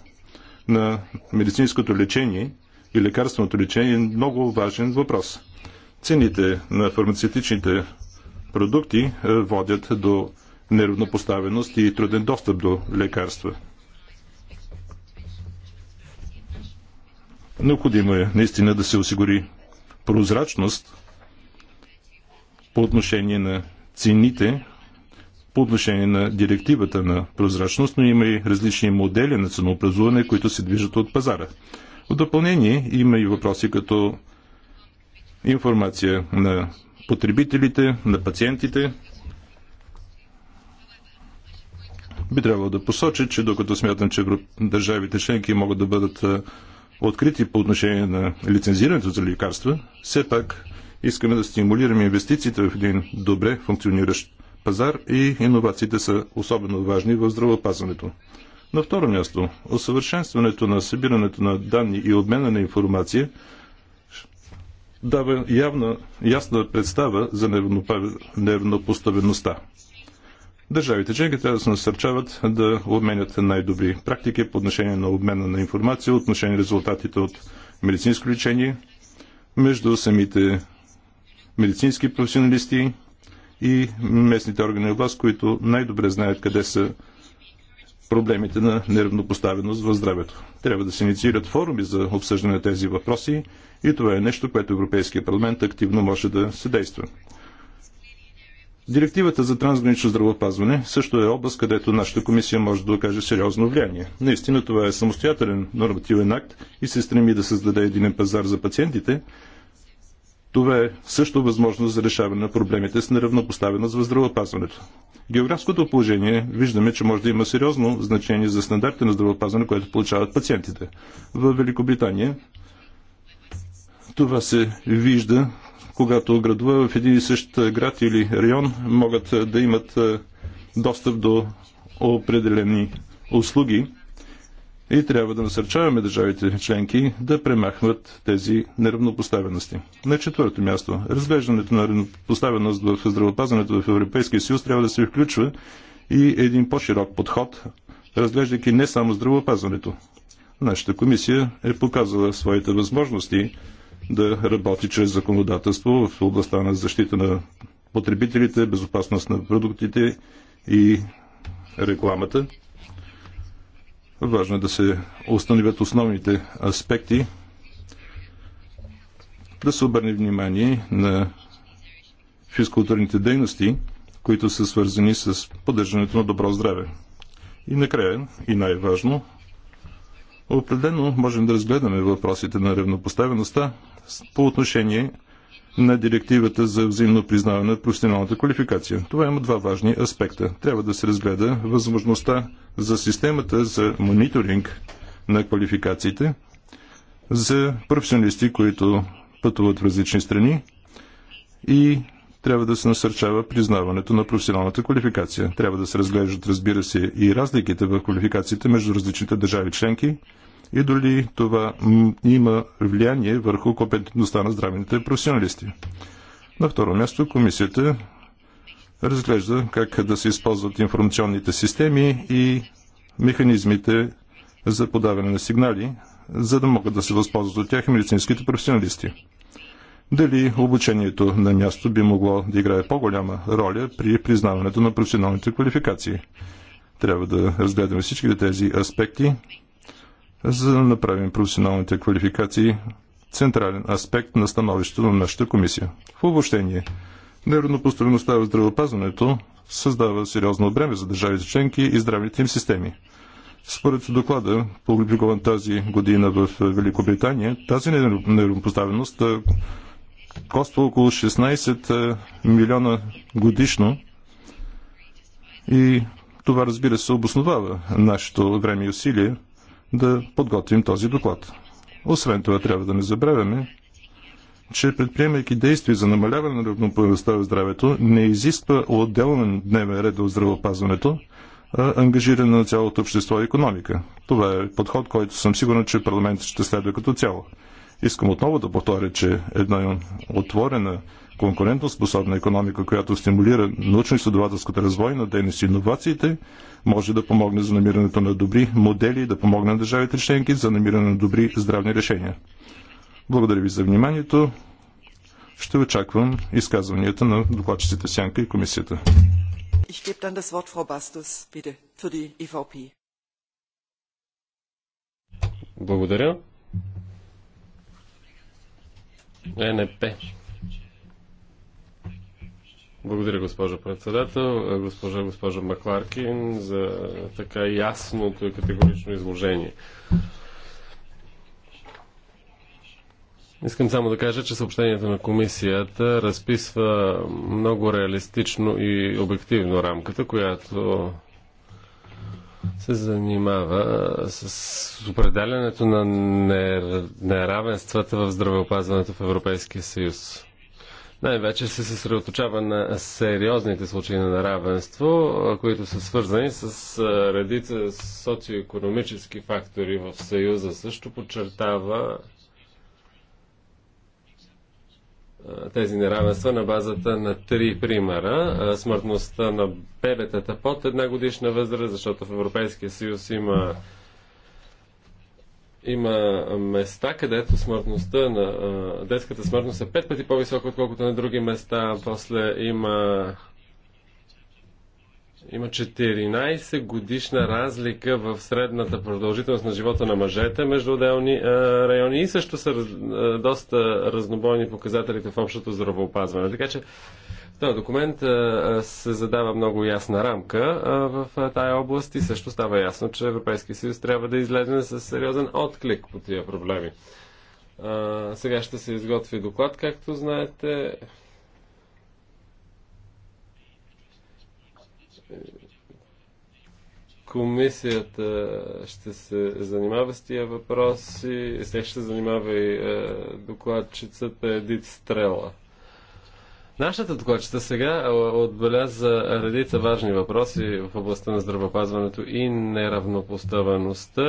на медицинското лечение и лекарственото лечение е много важен въпрос. Цените на фармацевтичните продукти е, водят до неравнопоставеност и труден достъп до лекарства. Необходимо е наистина да се осигури прозрачност по отношение на цените по отношение на директивата на прозрачност, но има и различни модели на ценообразуване, които се движат от пазара. В допълнение има и въпроси като информация на потребителите, на пациентите. Би трябвало да посоча, че докато смятам, че държавите членки могат да бъдат открити по отношение на лицензирането за лекарства, все пак искаме да стимулираме инвестициите в един добре функциониращ пазар и иновациите са особено важни в здравеопазването. На второ място, усъвършенстването на събирането на данни и обмена на информация дава явна, ясна представа за неравнопоставеността. Държавите членки трябва да се насърчават да обменят най-добри практики по отношение на обмена на информация, отношение на резултатите от медицинско лечение между самите медицински професионалисти и местните органи власт, които най-добре знаят къде са проблемите на неравнопоставеност в здравето. Трябва да се инициират форуми за обсъждане на тези въпроси и това е нещо, което Европейския парламент активно може да се действа. Директивата за трансгранично здравеопазване също е област, където нашата комисия може да окаже сериозно влияние. Наистина това е самостоятелен нормативен акт и се стреми да създаде един пазар за пациентите, това е също възможност за решаване на проблемите с неравнопоставеност в здравеопазването. Географското положение виждаме, че може да има сериозно значение за стандарта на здравеопазване, което получават пациентите. В Великобритания това се вижда, когато градове в един и същ град или район могат да имат достъп до определени услуги и трябва да насърчаваме държавите членки да премахнат тези неравнопоставености. На четвърто място, разглеждането на равнопоставеност в здравеопазването в Европейския съюз трябва да се включва и един по-широк подход, разглеждайки не само здравеопазването. Нашата комисия е показала своите възможности да работи чрез законодателство в областта на защита на потребителите, безопасност на продуктите и рекламата. Важно е да се установят основните аспекти, да се обърне внимание на физкултурните дейности, които са свързани с поддържането на добро здраве. И накрая, и най-важно, определено можем да разгледаме въпросите на равнопоставеността по отношение на директивата за взаимно признаване на професионалната квалификация. Това има два важни аспекта. Трябва да се разгледа възможността за системата за мониторинг на квалификациите за професионалисти, които пътуват в различни страни и трябва да се насърчава признаването на професионалната квалификация. Трябва да се разглеждат, разбира се, и разликите в квалификациите между различните държави членки и дали това има влияние върху компетентността на здравените професионалисти. На второ място комисията разглежда как да се използват информационните системи и механизмите за подаване на сигнали, за да могат да се възползват от тях и медицинските професионалисти. Дали обучението на място би могло да играе по-голяма роля при признаването на професионалните квалификации? Трябва да разгледаме всички тези аспекти за да направим професионалните квалификации централен аспект на становището на нашата комисия. В обобщение, неравнопоставеността в здравеопазването създава сериозно бреме за държавите членки и здравните им системи. Според доклада, публикуван тази година в Великобритания, тази неравнопоставеност коства около 16 милиона годишно и това разбира се обосновава нашето време и усилие да подготвим този доклад. Освен това, трябва да не забравяме, че предприемайки действия за намаляване на равнопоемността в здравето, не изисква отделен дневен ред в здравеопазването, а ангажиране на цялото общество и економика. Това е подход, който съм сигурен, че парламентът ще следва като цяло. Искам отново да повторя, че една отворена конкурентоспособна економика, която стимулира научно-изследователската развойна дейност и иновациите, може да помогне за намирането на добри модели и да помогне на държавите членки за намиране на добри здравни решения. Благодаря ви за вниманието. Ще очаквам изказванията на докладчиците Сянка и комисията. Ich gebe dann das Wort Frau bitte, für die EVP. Благодаря. ЕНП. Благодаря, госпожо председател, госпожа госпожа Макларкин, за така ясното и категорично изложение. Искам само да кажа, че съобщението на комисията разписва много реалистично и обективно рамката, която се занимава с определянето на неравенствата в здравеопазването в Европейския съюз най-вече се съсредоточава на сериозните случаи на неравенство, които са свързани с редица социоекономически фактори в Съюза. Също подчертава тези неравенства на базата на три примера. Смъртността на бебетата под една годишна възраст, защото в Европейския съюз има има места, където смъртността на а, детската смъртност е пет пъти по-висока, отколкото на други места. После има има 14 годишна разлика в средната продължителност на живота на мъжете между отделни а, райони и също са раз, а, доста разнобойни показателите в общото здравоопазване. Така че този документ се задава много ясна рамка в тая област и също става ясно, че Европейския съюз трябва да излезе с сериозен отклик по тия проблеми. Сега ще се изготви доклад, както знаете. Комисията ще се занимава с тия въпроси. Сега ще се занимава и докладчицата Едит Стрела. Нашата докладчета сега отбеляза редица важни въпроси в областта на здравопазването и неравнопоставеността.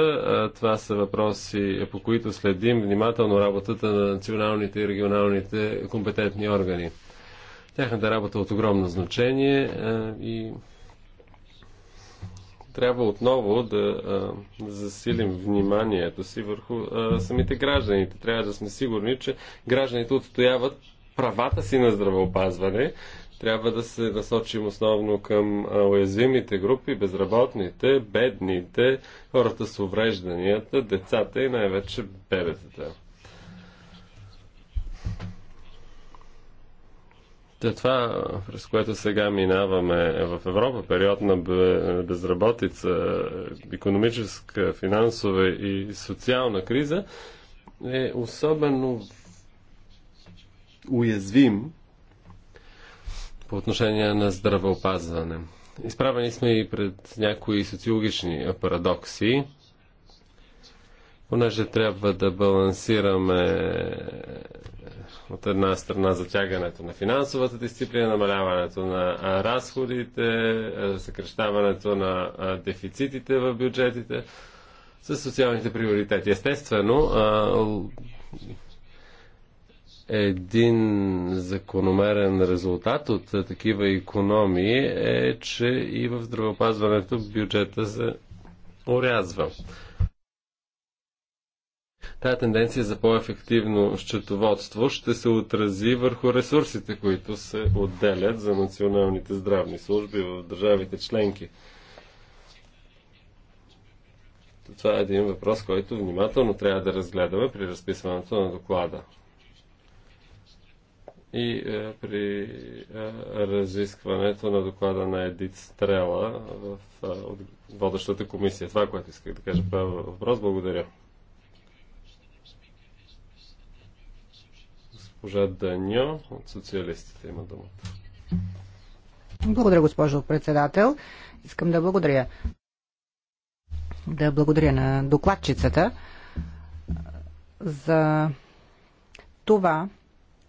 Това са въпроси, по които следим внимателно работата на националните и регионалните компетентни органи. Тяхната работа е от огромно значение и трябва отново да засилим вниманието си върху самите гражданите. Трябва да сме сигурни, че гражданите отстояват правата си на здравеопазване, трябва да се насочим основно към уязвимите групи, безработните, бедните, хората с уврежданията, децата и най-вече бебетата. Те това, през което сега минаваме е в Европа, период на безработица, економическа, финансова и социална криза, е особено уязвим по отношение на здравеопазване. Изправени сме и пред някои социологични парадокси, понеже трябва да балансираме е, от една страна затягането на финансовата дисциплина, намаляването на разходите, е, съкрещаването на дефицитите в бюджетите с социалните приоритети. Естествено, един закономерен резултат от такива економии е, че и в здравеопазването бюджета се орязва. Тая тенденция за по-ефективно счетоводство ще се отрази върху ресурсите, които се отделят за националните здравни служби в държавите членки. Това е един въпрос, който внимателно трябва да разгледаме при разписването на доклада. И е, при е, разискването на доклада на Едит Стрела в е, от водещата комисия. Това, което исках да кажа по е въпрос. Благодаря. Госпожа Даньо от социалистите има думата. Благодаря, госпожо председател. Искам да благодаря. Да благодаря на докладчицата за това,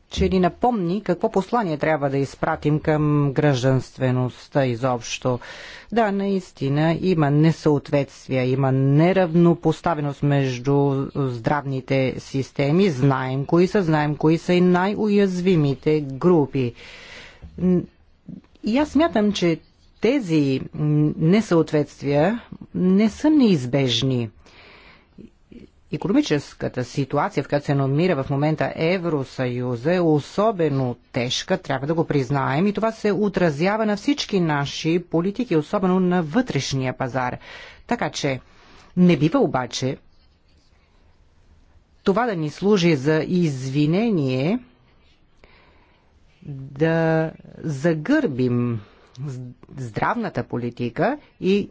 че ни напомни какво послание трябва да изпратим към гражданствеността изобщо. Да, наистина има несъответствия, има неравнопоставеност между здравните системи. Знаем кои са, знаем кои са и най-уязвимите групи. И аз смятам, че тези несъответствия не са неизбежни. Економическата ситуация, в която се намира в момента Евросъюза е особено тежка, трябва да го признаем, и това се отразява на всички наши политики, особено на вътрешния пазар. Така че не бива обаче това да ни служи за извинение да загърбим здравната политика и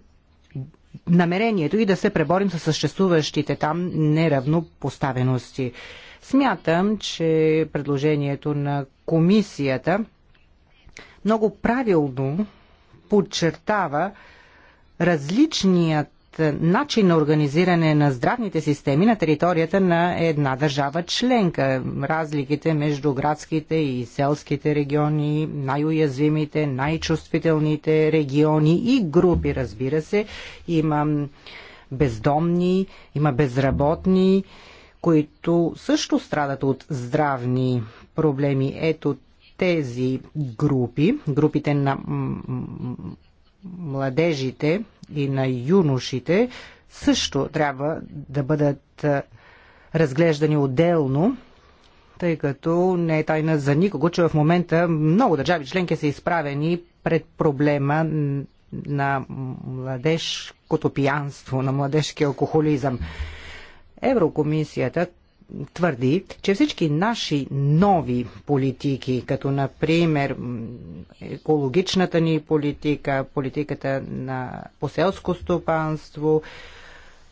намерението и да се преборим с съществуващите там неравнопоставености. Смятам, че предложението на комисията много правилно подчертава различният е, начин на организиране на здравните системи на територията на една държава членка. Разликите между градските и селските региони, най-уязвимите, най-чувствителните региони и групи, разбира се. Има бездомни, има безработни, които също страдат от здравни проблеми. Ето тези групи, групите на младежите, и на юношите също трябва да бъдат разглеждани отделно, тъй като не е тайна за никого, че в момента много държави членки са изправени пред проблема на младежкото пиянство, на младежки алкохолизъм. Еврокомисията твърди, че всички наши нови политики, като например екологичната ни политика, политиката на поселско стопанство,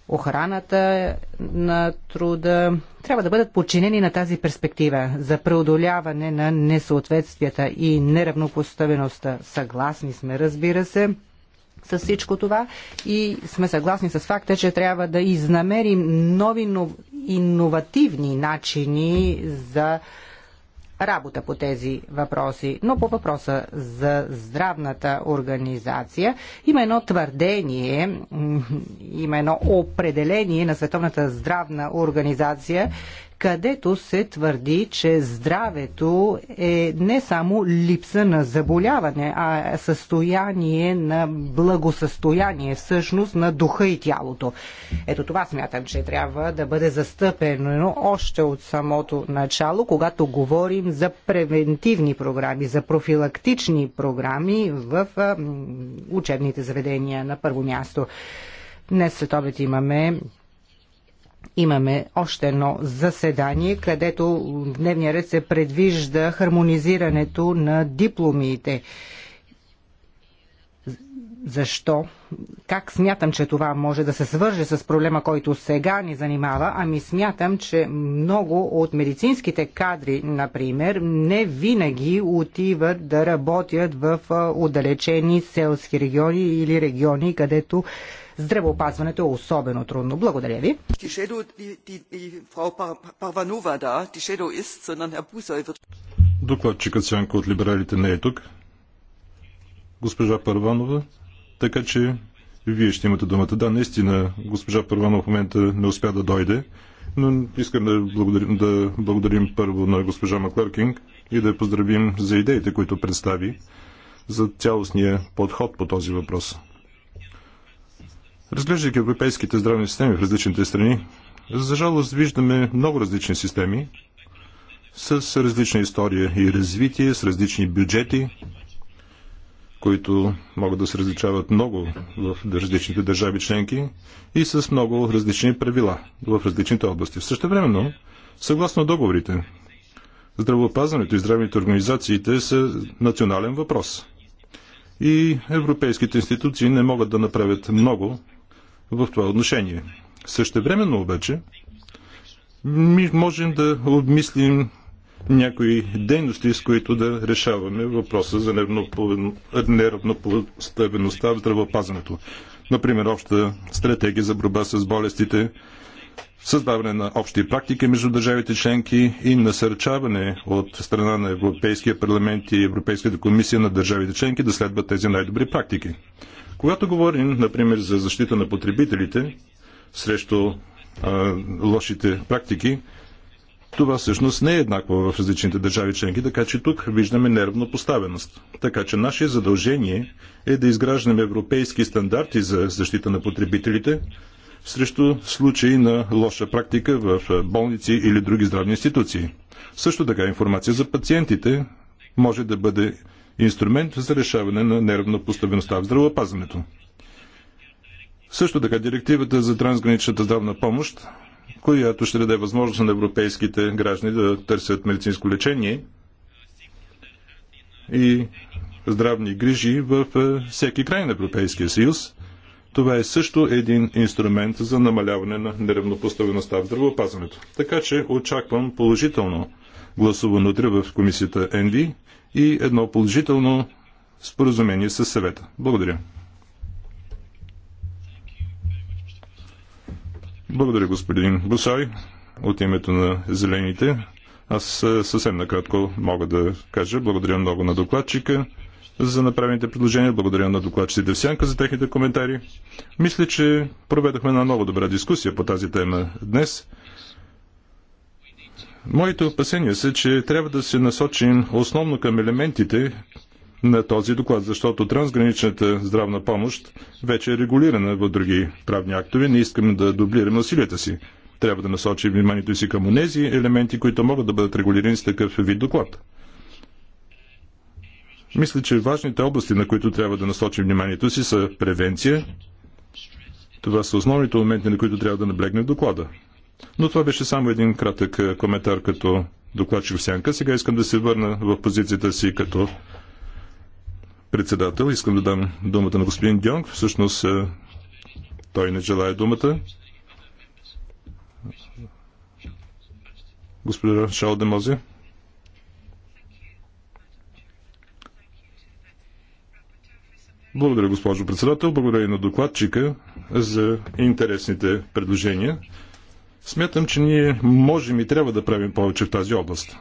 охраната на труда, трябва да бъдат подчинени на тази перспектива за преодоляване на несъответствията и неравнопоставеността. Съгласни сме, разбира се, с всичко това и сме съгласни с факта, че трябва да изнамерим нови иновативни начини за работа по тези въпроси. Но по въпроса за здравната организация има едно твърдение, има едно определение на Световната здравна организация, където се твърди, че здравето е не само липса на заболяване, а състояние на благосъстояние, всъщност на духа и тялото. Ето това смятам, че трябва да бъде застъпено още от самото начало, когато говорим за превентивни програми, за профилактични програми в учебните заведения на първо място. Днес след обед имаме имаме още едно заседание, където в дневния ред се предвижда хармонизирането на дипломите. Защо? Как смятам, че това може да се свърже с проблема, който сега ни занимава? Ами смятам, че много от медицинските кадри, например, не винаги отиват да работят в отдалечени селски региони или региони, където здравеопазването е особено трудно. Благодаря ви. Докладчикът Сянко от либералите не е тук. Госпожа Парванова, така че вие ще имате думата. Да, наистина, госпожа Първанова в момента не успя да дойде, но искам да благодарим, да благодарим първо на госпожа Маклъркинг и да я поздравим за идеите, които представи, за цялостния подход по този въпрос. Разглеждайки европейските здравни системи в различните страни, за жалост виждаме много различни системи с различна история и развитие, с различни бюджети, които могат да се различават много в различните държави членки и с много различни правила в различните области. В същевременно, съгласно договорите, здравеопазването и здравните организациите са национален въпрос. И европейските институции не могат да направят много в това отношение. Също времено обаче можем да обмислим някои дейности, с които да решаваме въпроса за неравнопоставеността в здравеопазването. Например, обща стратегия за борба с болестите, създаване на общи практики между държавите членки и насърчаване от страна на Европейския парламент и Европейската комисия на държавите членки да следват тези най-добри практики. Когато говорим, например, за защита на потребителите срещу а, лошите практики, това всъщност не е еднакво в различните държави членки, така че тук виждаме нервно поставеност. Така че наше задължение е да изграждаме европейски стандарти за защита на потребителите срещу случаи на лоша практика в болници или други здравни институции. Също така информация за пациентите може да бъде инструмент за решаване на нервна поставеността в здравеопазването. Също така директивата за трансграничната здравна помощ, която ще даде възможност на европейските граждани да търсят медицинско лечение и здравни грижи в е, всеки край на Европейския съюз. Това е също един инструмент за намаляване на неравнопоставеността в здравеопазването. Така че очаквам положително гласуване утре в комисията ЕНВИ и едно положително споразумение с съвета. Благодаря. Благодаря, господин Босай, От името на Зелените, аз съвсем накратко мога да кажа благодаря много на докладчика за направените предложения. Благодаря на докладчиците в Сянка за техните коментари. Мисля, че проведохме една много добра дискусия по тази тема днес. Моите опасения са, че трябва да се насочим основно към елементите на този доклад, защото трансграничната здравна помощ вече е регулирана в други правни актове. Не искаме да дублираме усилията си. Трябва да насочим вниманието си към онези елементи, които могат да бъдат регулирани с такъв вид доклад. Мисля, че важните области, на които трябва да насочим вниманието си, са превенция. Това са основните моменти, на които трябва да наблегне доклада. Но това беше само един кратък е, коментар като докладчик в сянка. Сега искам да се върна в позицията си като председател. Искам да дам думата на господин Дьонг. Всъщност е, той не желая думата. Господин Шао Демози. Благодаря, госпожо председател. Благодаря и на докладчика за интересните предложения. Смятам, че ние можем и трябва да правим повече в тази област.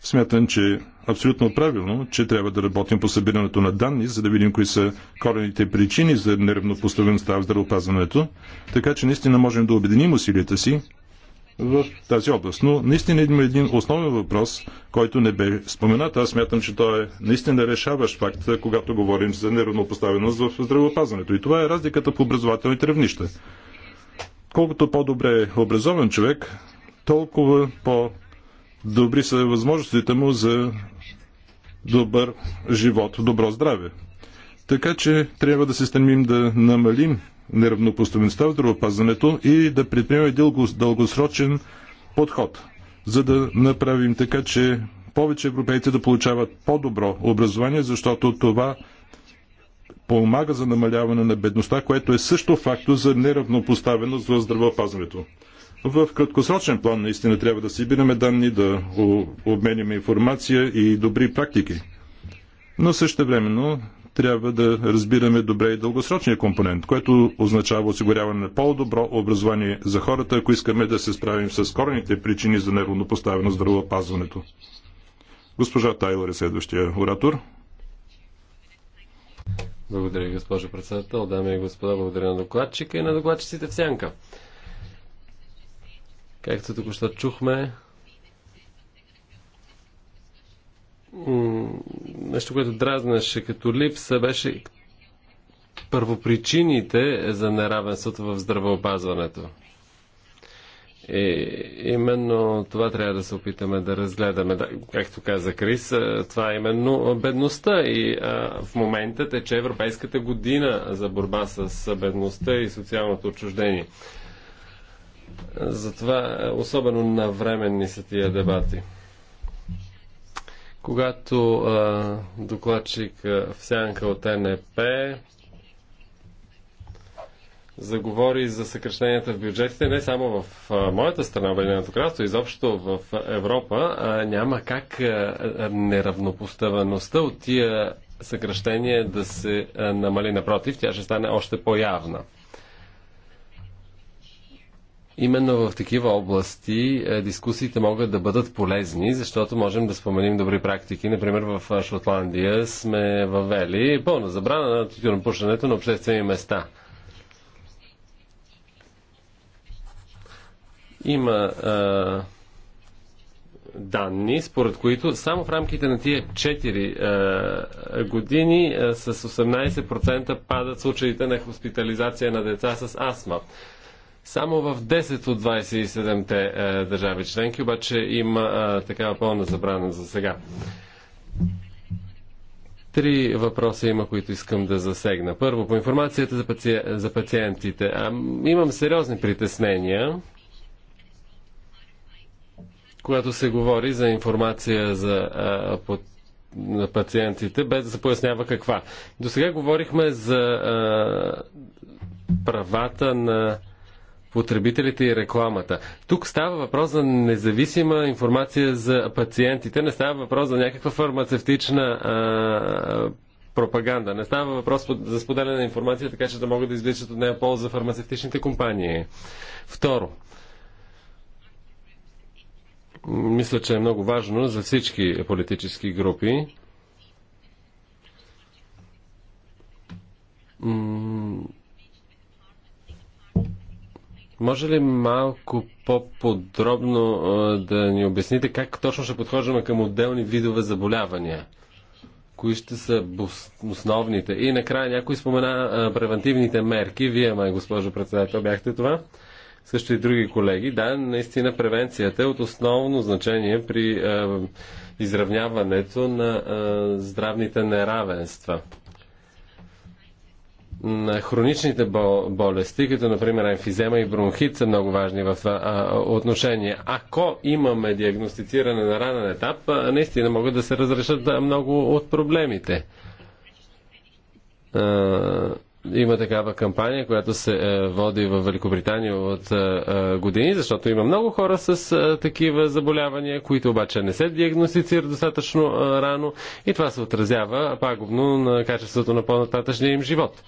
Смятам, че е абсолютно правилно, че трябва да работим по събирането на данни, за да видим кои са корените причини за неравнопоставеността в здравеопазването, така че наистина можем да обединим усилията си в тази област. Но наистина има един основен въпрос, който не бе споменат. Аз смятам, че той е наистина решаващ факт, когато говорим за неравнопоставеност в здравеопазването. И това е разликата по образователните равнища. Колкото по-добре е образован човек, толкова по-добри са възможностите му за добър живот, добро здраве. Така че трябва да се стремим да намалим неравнопоставеността в здравеопазването и да предприемем дългосрочен подход, за да направим така, че повече европейци да получават по-добро образование, защото това помага за намаляване на бедността, което е също фактор за неравнопоставеност в здравеопазването. В краткосрочен план наистина трябва да събираме данни, да обменяме информация и добри практики. Но също времено трябва да разбираме добре и дългосрочния компонент, което означава осигуряване на по-добро образование за хората, ако искаме да се справим с корените причини за неравнопоставено здравеопазването. Госпожа Тайлър е следващия оратор. Благодаря, госпожо председател. Дами и господа, благодаря на докладчика и на докладчиците в сянка. Както току-що чухме, нещо, което дразнеше като липса, беше първопричините за неравенството в здравеопазването. И именно това трябва да се опитаме да разгледаме. Да, както каза Крис, това е именно бедността и а, в момента тече Европейската година за борба с бедността и социалното отчуждение. Затова особено навременни са тия дебати. Когато а, докладчик а, в сянка от НП заговори за съкрещенията в бюджетите не само в моята страна, Обединеното кралство, изобщо в Европа, а няма как неравнопоставеността от тия съкрещения да се намали. Напротив, тя ще стане още по-явна. Именно в такива области дискусиите могат да бъдат полезни, защото можем да споменим добри практики. Например, в Шотландия сме въвели пълна забрана на тютюнопушенето на обществени места. Има а, данни, според които само в рамките на тия 4 а, години а, с 18% падат случаите на хоспитализация на деца с астма. Само в 10 от 27-те държави членки обаче има а, такава пълна забрана за сега. Три въпроса има, които искам да засегна. Първо, по информацията за, паци... за пациентите. А, имам сериозни притеснения когато се говори за информация за а, под, на пациентите, без да се пояснява каква. До сега говорихме за а, правата на потребителите и рекламата. Тук става въпрос за независима информация за пациентите, не става въпрос за някаква фармацевтична а, пропаганда. Не става въпрос за споделяне на информация, така че да могат да извличат от нея полза фармацевтичните компании. Второ, мисля, че е много важно за всички политически групи. Може ли малко по-подробно да ни обясните как точно ще подхождаме към отделни видове заболявания? Кои ще са основните? И накрая някой спомена превентивните мерки. Вие, май госпожо председател, бяхте това също и други колеги. Да, наистина превенцията е от основно значение при е, изравняването на е, здравните неравенства. На хроничните болести, като например емфизема и бронхит, са много важни в това отношение. Ако имаме диагностициране на ранен етап, наистина могат да се разрешат много от проблемите има такава кампания, която се е, води в Великобритания от е, е, години, защото има много хора с такива заболявания, които обаче не се диагностицират достатъчно рано и това се отразява пагубно на качеството на по-нататъчния им живот.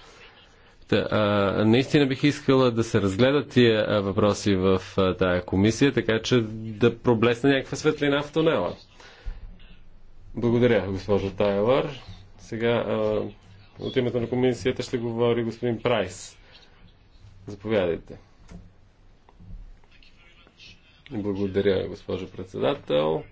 Та, а, наистина бих искала да се разгледат тия въпроси в тази тая комисия, така че да проблесне някаква светлина в тунела. Благодаря, госпожо Тайлър. Сега а, от името на комисията ще говори господин Прайс. Заповядайте. Благодаря, госпожо председател.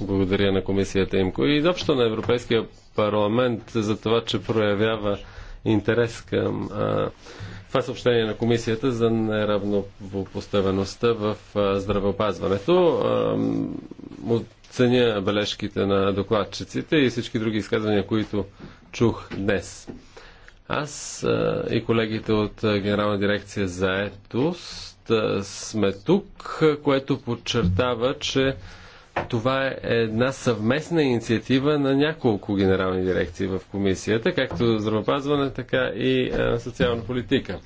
Благодаря на комисията ИМКО и изобщо на Европейския парламент за това, че проявява интерес към а, това съобщение на комисията за неравнопоставеността в а, здравеопазването. А, ценя бележките на докладчиците и всички други изказвания, които чух днес. Аз а, и колегите от Генерална дирекция за етост а, сме тук, което подчертава, че това е една съвместна инициатива на няколко генерални дирекции в комисията, както здравеопазване, така и а, социална политика.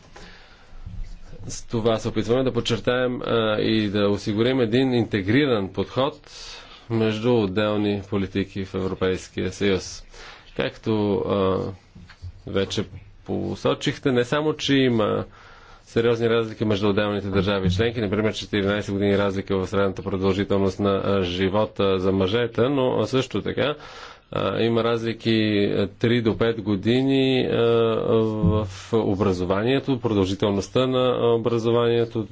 С това се опитваме да подчертаем а, и да осигурим един интегриран подход между отделни политики в Европейския съюз. Както а, вече посочихте, не само, че има сериозни разлики между отделните държави членки, например 14 години разлика в средната продължителност на живота за мъжете, но също така има разлики 3 до 5 години в образованието, продължителността на образованието,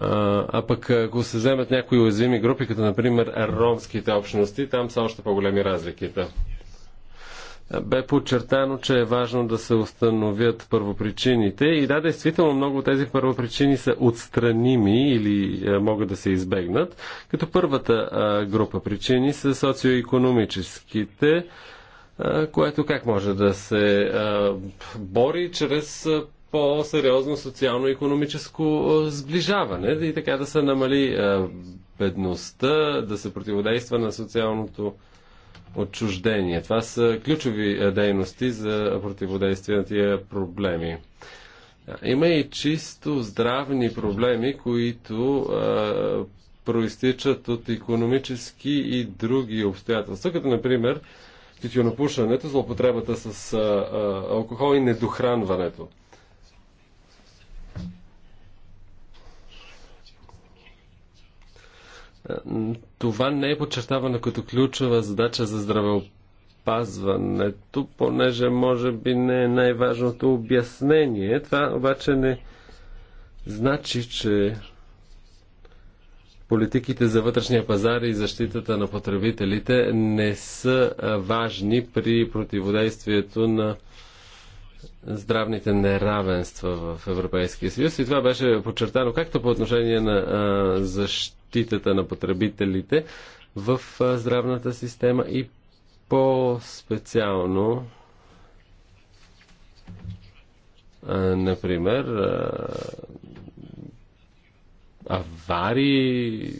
а пък ако се вземат някои уязвими групи, като например ромските общности, там са още по-големи разликите. Бе подчертано, че е важно да се установят първопричините и да, действително много от тези първопричини са отстраними или могат да се избегнат. Като първата група причини са социоекономическите, което как може да се бори чрез по-сериозно социално-економическо сближаване и така да се намали бедността, да се противодейства на социалното отчуждение. Това са ключови дейности за противодействие на тия проблеми. Има и чисто здравни проблеми, които а, проистичат от економически и други обстоятелства, като например тютюнопушенето, злоупотребата с а, а, алкохол и недохранването. това не е подчертавано като ключова задача за здравеопазването, понеже може би не е най-важното обяснение. Това обаче не значи, че политиките за вътрешния пазар и защитата на потребителите не са важни при противодействието на здравните неравенства в Европейския съюз. И това беше подчертано както по отношение на защита защитата на потребителите в здравната система и по-специално например аварии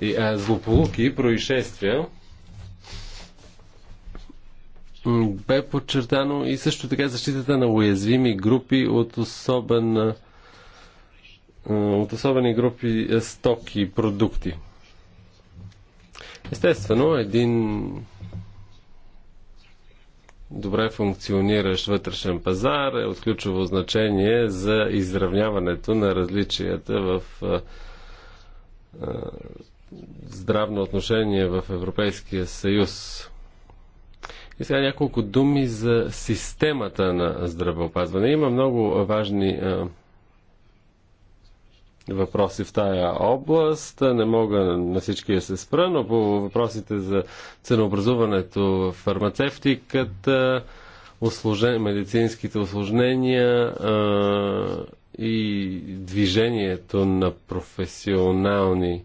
и злополуки, происшествия бе подчертано и също така защитата на уязвими групи от особена от особени групи е, стоки и продукти. Естествено, един добре функциониращ вътрешен пазар е от ключово значение за изравняването на различията в е, е, здравно отношение в Европейския съюз. И сега няколко думи за системата на здравеопазване. Има много важни въпроси в тая област. Не мога на всички да се спра, но по въпросите за ценообразуването в фармацевтиката, услужен, медицинските осложнения а, и движението на професионални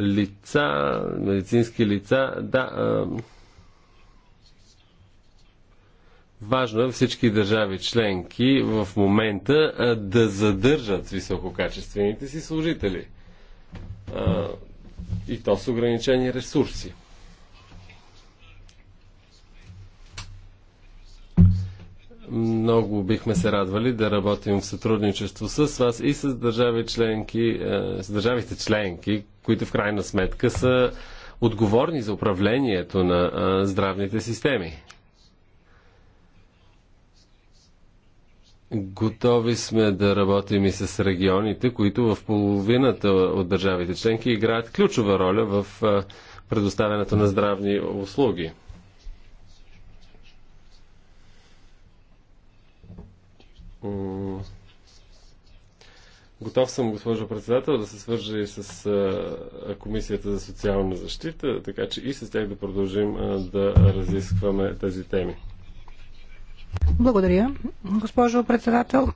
лица, медицински лица, да, а, Важно е всички държави членки в момента да задържат висококачествените си служители. И то с ограничени ресурси. много бихме се радвали да работим в сътрудничество с вас и с, държави членки, с държавите членки, които в крайна сметка са отговорни за управлението на здравните системи. Готови сме да работим и с регионите, които в половината от държавите членки играят ключова роля в предоставянето на здравни услуги. Готов съм, госпожо председател, да се свържа и с Комисията за социална защита, така че и с тях да продължим да разискваме тези теми. Благодаря, госпожо председател.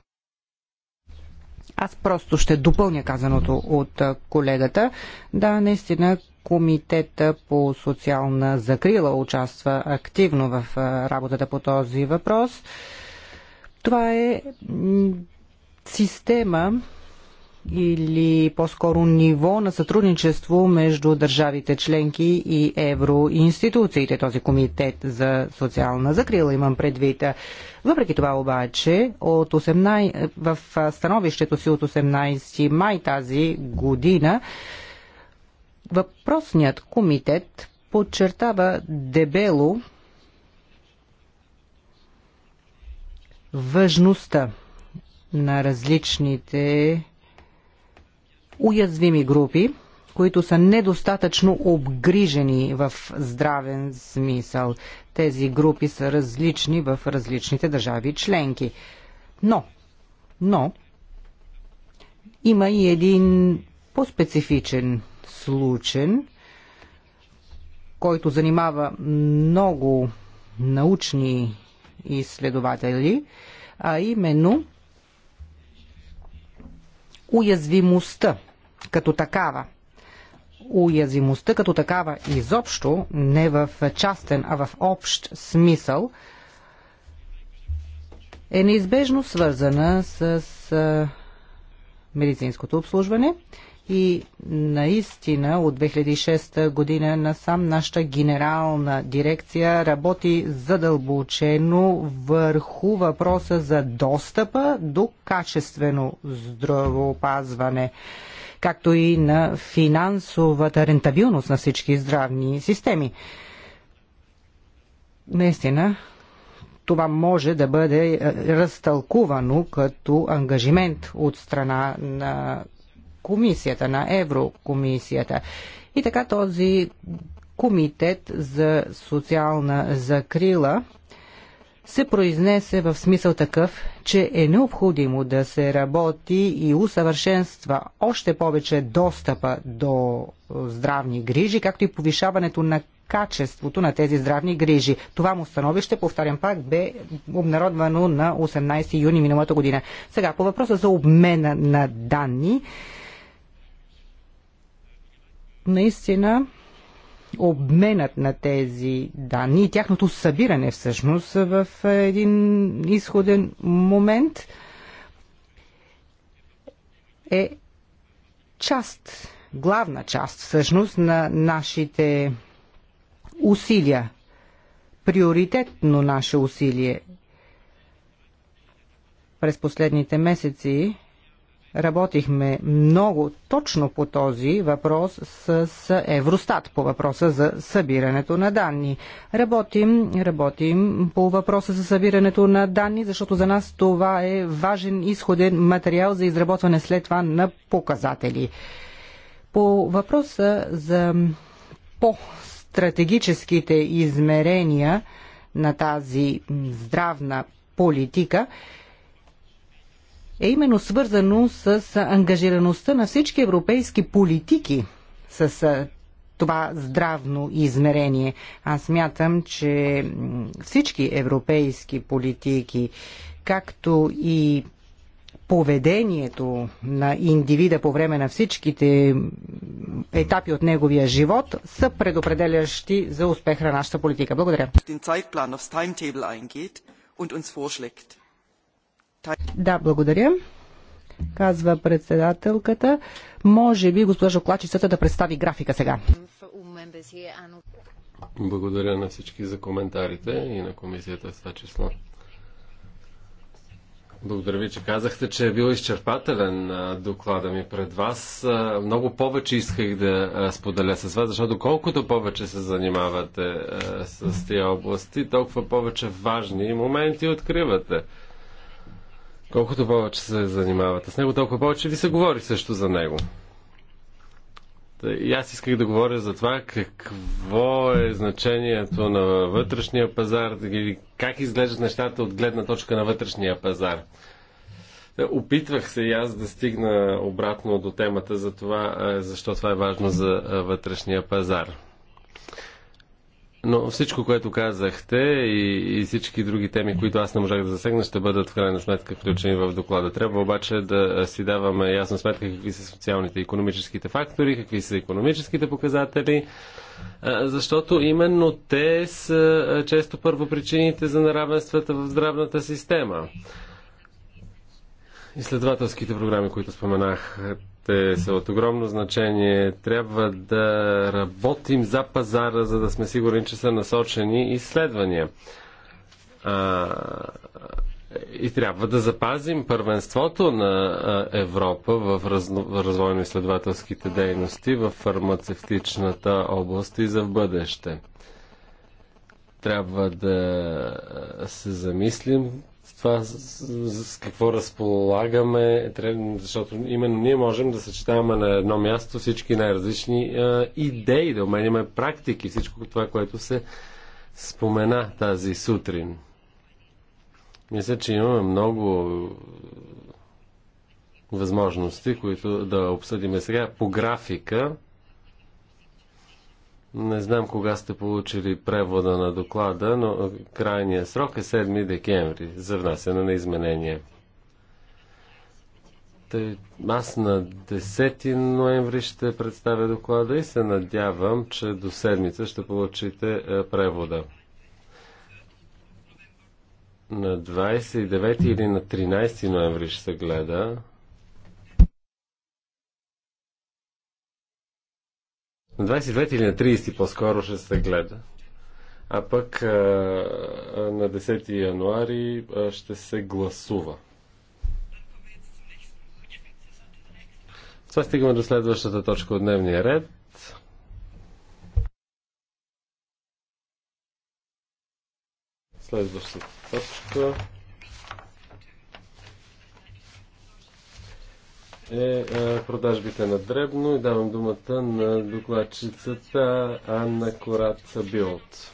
Аз просто ще допълня казаното от колегата. Да, наистина Комитета по социална закрила участва активно в работата по този въпрос. Това е система, или по-скоро ниво на сътрудничество между държавите членки и евроинституциите, този комитет за социална закрила имам предвид. Въпреки това обаче, от 18, в становището си от 18 май тази година, въпросният комитет подчертава дебело важността на различните уязвими групи, които са недостатъчно обгрижени в здравен смисъл. Тези групи са различни в различните държави членки. Но, но, има и един по-специфичен случай, който занимава много научни изследователи, а именно уязвимостта като такава. Уязвимостта като такава изобщо, не в частен, а в общ смисъл, е неизбежно свързана с медицинското обслужване и наистина от 2006 година насам нашата генерална дирекция работи задълбочено върху въпроса за достъпа до качествено здравоопазване както и на финансовата рентабилност на всички здравни системи. Наистина, това може да бъде е, разтълкувано като ангажимент от страна на комисията, на Еврокомисията. И така този комитет за социална закрила се произнесе в смисъл такъв, че е необходимо да се работи и усъвършенства още повече достъпа до е, здравни грижи, както и повишаването на качеството на тези здравни грижи. Това му становище, повтарям пак, бе обнародвано на 18 юни миналата година. Сега по въпроса за обмена на данни. Наистина, обменът на тези данни и тяхното събиране всъщност в един изходен момент е част, главна част всъщност на нашите усилия, приоритетно наше усилие. През последните месеци работихме много точно по този въпрос с Евростат, по въпроса за събирането на данни. Работим, работим по въпроса за събирането на данни, защото за нас това е важен изходен материал за изработване след това на показатели. По въпроса за по-стратегическите измерения на тази здравна политика, е именно свързано с ангажираността на всички европейски политики с това здравно измерение. Аз мятам, че всички европейски политики, както и поведението на индивида по време на всичките етапи от неговия живот са предопределящи за успеха на нашата политика. Благодаря. Да, благодаря. Казва председателката. Може би госпожа Клачицата да представи графика сега. Благодаря на всички за коментарите и на комисията с това число. Благодаря ви, че казахте, че е бил изчерпателен доклада ми пред вас. Много повече исках да споделя с вас, защото колкото повече се занимавате с тези области, толкова повече важни моменти откривате. Колкото повече се занимавате с него, толкова повече ви се говори също за него. И аз исках да говоря за това какво е значението на вътрешния пазар, как изглеждат нещата от гледна точка на вътрешния пазар. Опитвах се и аз да стигна обратно до темата за това, е, защо това е важно за е, вътрешния пазар. Но всичко, което казахте и, и всички други теми, които аз не можах да засегна, ще бъдат в крайна сметка включени в доклада. Трябва обаче да си даваме ясна сметка какви са социалните и економическите фактори, какви са економическите показатели, защото именно те са често първопричините за неравенствата в здравната система. Изследователските програми, които споменах, Ресурсите са от огромно значение. Трябва да работим за пазара, за да сме сигурни, че са насочени изследвания. А, и трябва да запазим първенството на Европа в развойно-изследователските дейности в фармацевтичната област и за в бъдеще. Трябва да се замислим с това с, с какво разполагаме, защото именно ние можем да съчетаваме на едно място всички най-различни идеи, да уменяме практики, всичко това, което се спомена тази сутрин. Мисля, че имаме много възможности, които да обсъдиме сега по графика. Не знам кога сте получили превода на доклада, но крайният срок е 7 декември за внасяне на изменения. аз на 10 ноември ще представя доклада и се надявам, че до седмица ще получите превода. На 29 или на 13 ноември ще се гледа На 29 или на 30 по-скоро ще се гледа. А пък на 10 януари ще се гласува. Това стигаме до следващата точка от дневния ред. Следващата точка. Е, е продажбите на дребно и давам думата на докладчицата Анна Корат Билт.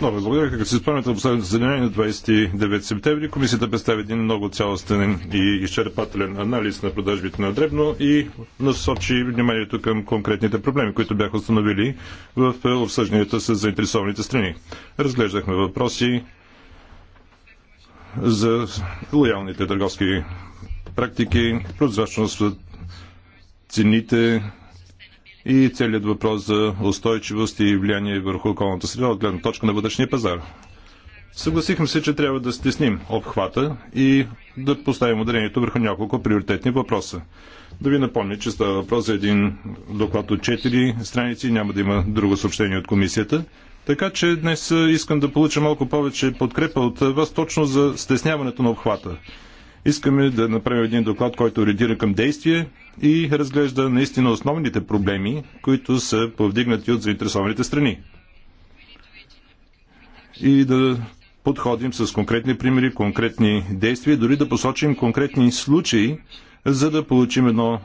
Много благодаря. Като си спомняте на последното заседание на 29 септември, комисията представи един много цялостен и изчерпателен анализ на продажбите на Дребно и насочи вниманието към конкретните проблеми, които бяха установили в обсъжданията с заинтересованите страни. Разглеждахме въпроси за лоялните търговски практики, прозрачност в цените и целият въпрос за устойчивост и влияние върху околната среда от гледна точка на вътрешния пазар. Съгласихме се, че трябва да стесним обхвата и да поставим ударението върху няколко приоритетни въпроса. Да ви напомня, че става въпрос за един доклад от 4 страници, няма да има друго съобщение от комисията. Така че днес искам да получа малко повече подкрепа от вас точно за стесняването на обхвата. Искаме да направим един доклад, който редира към действие и разглежда наистина основните проблеми, които са повдигнати от заинтересованите страни. И да подходим с конкретни примери, конкретни действия, дори да посочим конкретни случаи, за да получим едно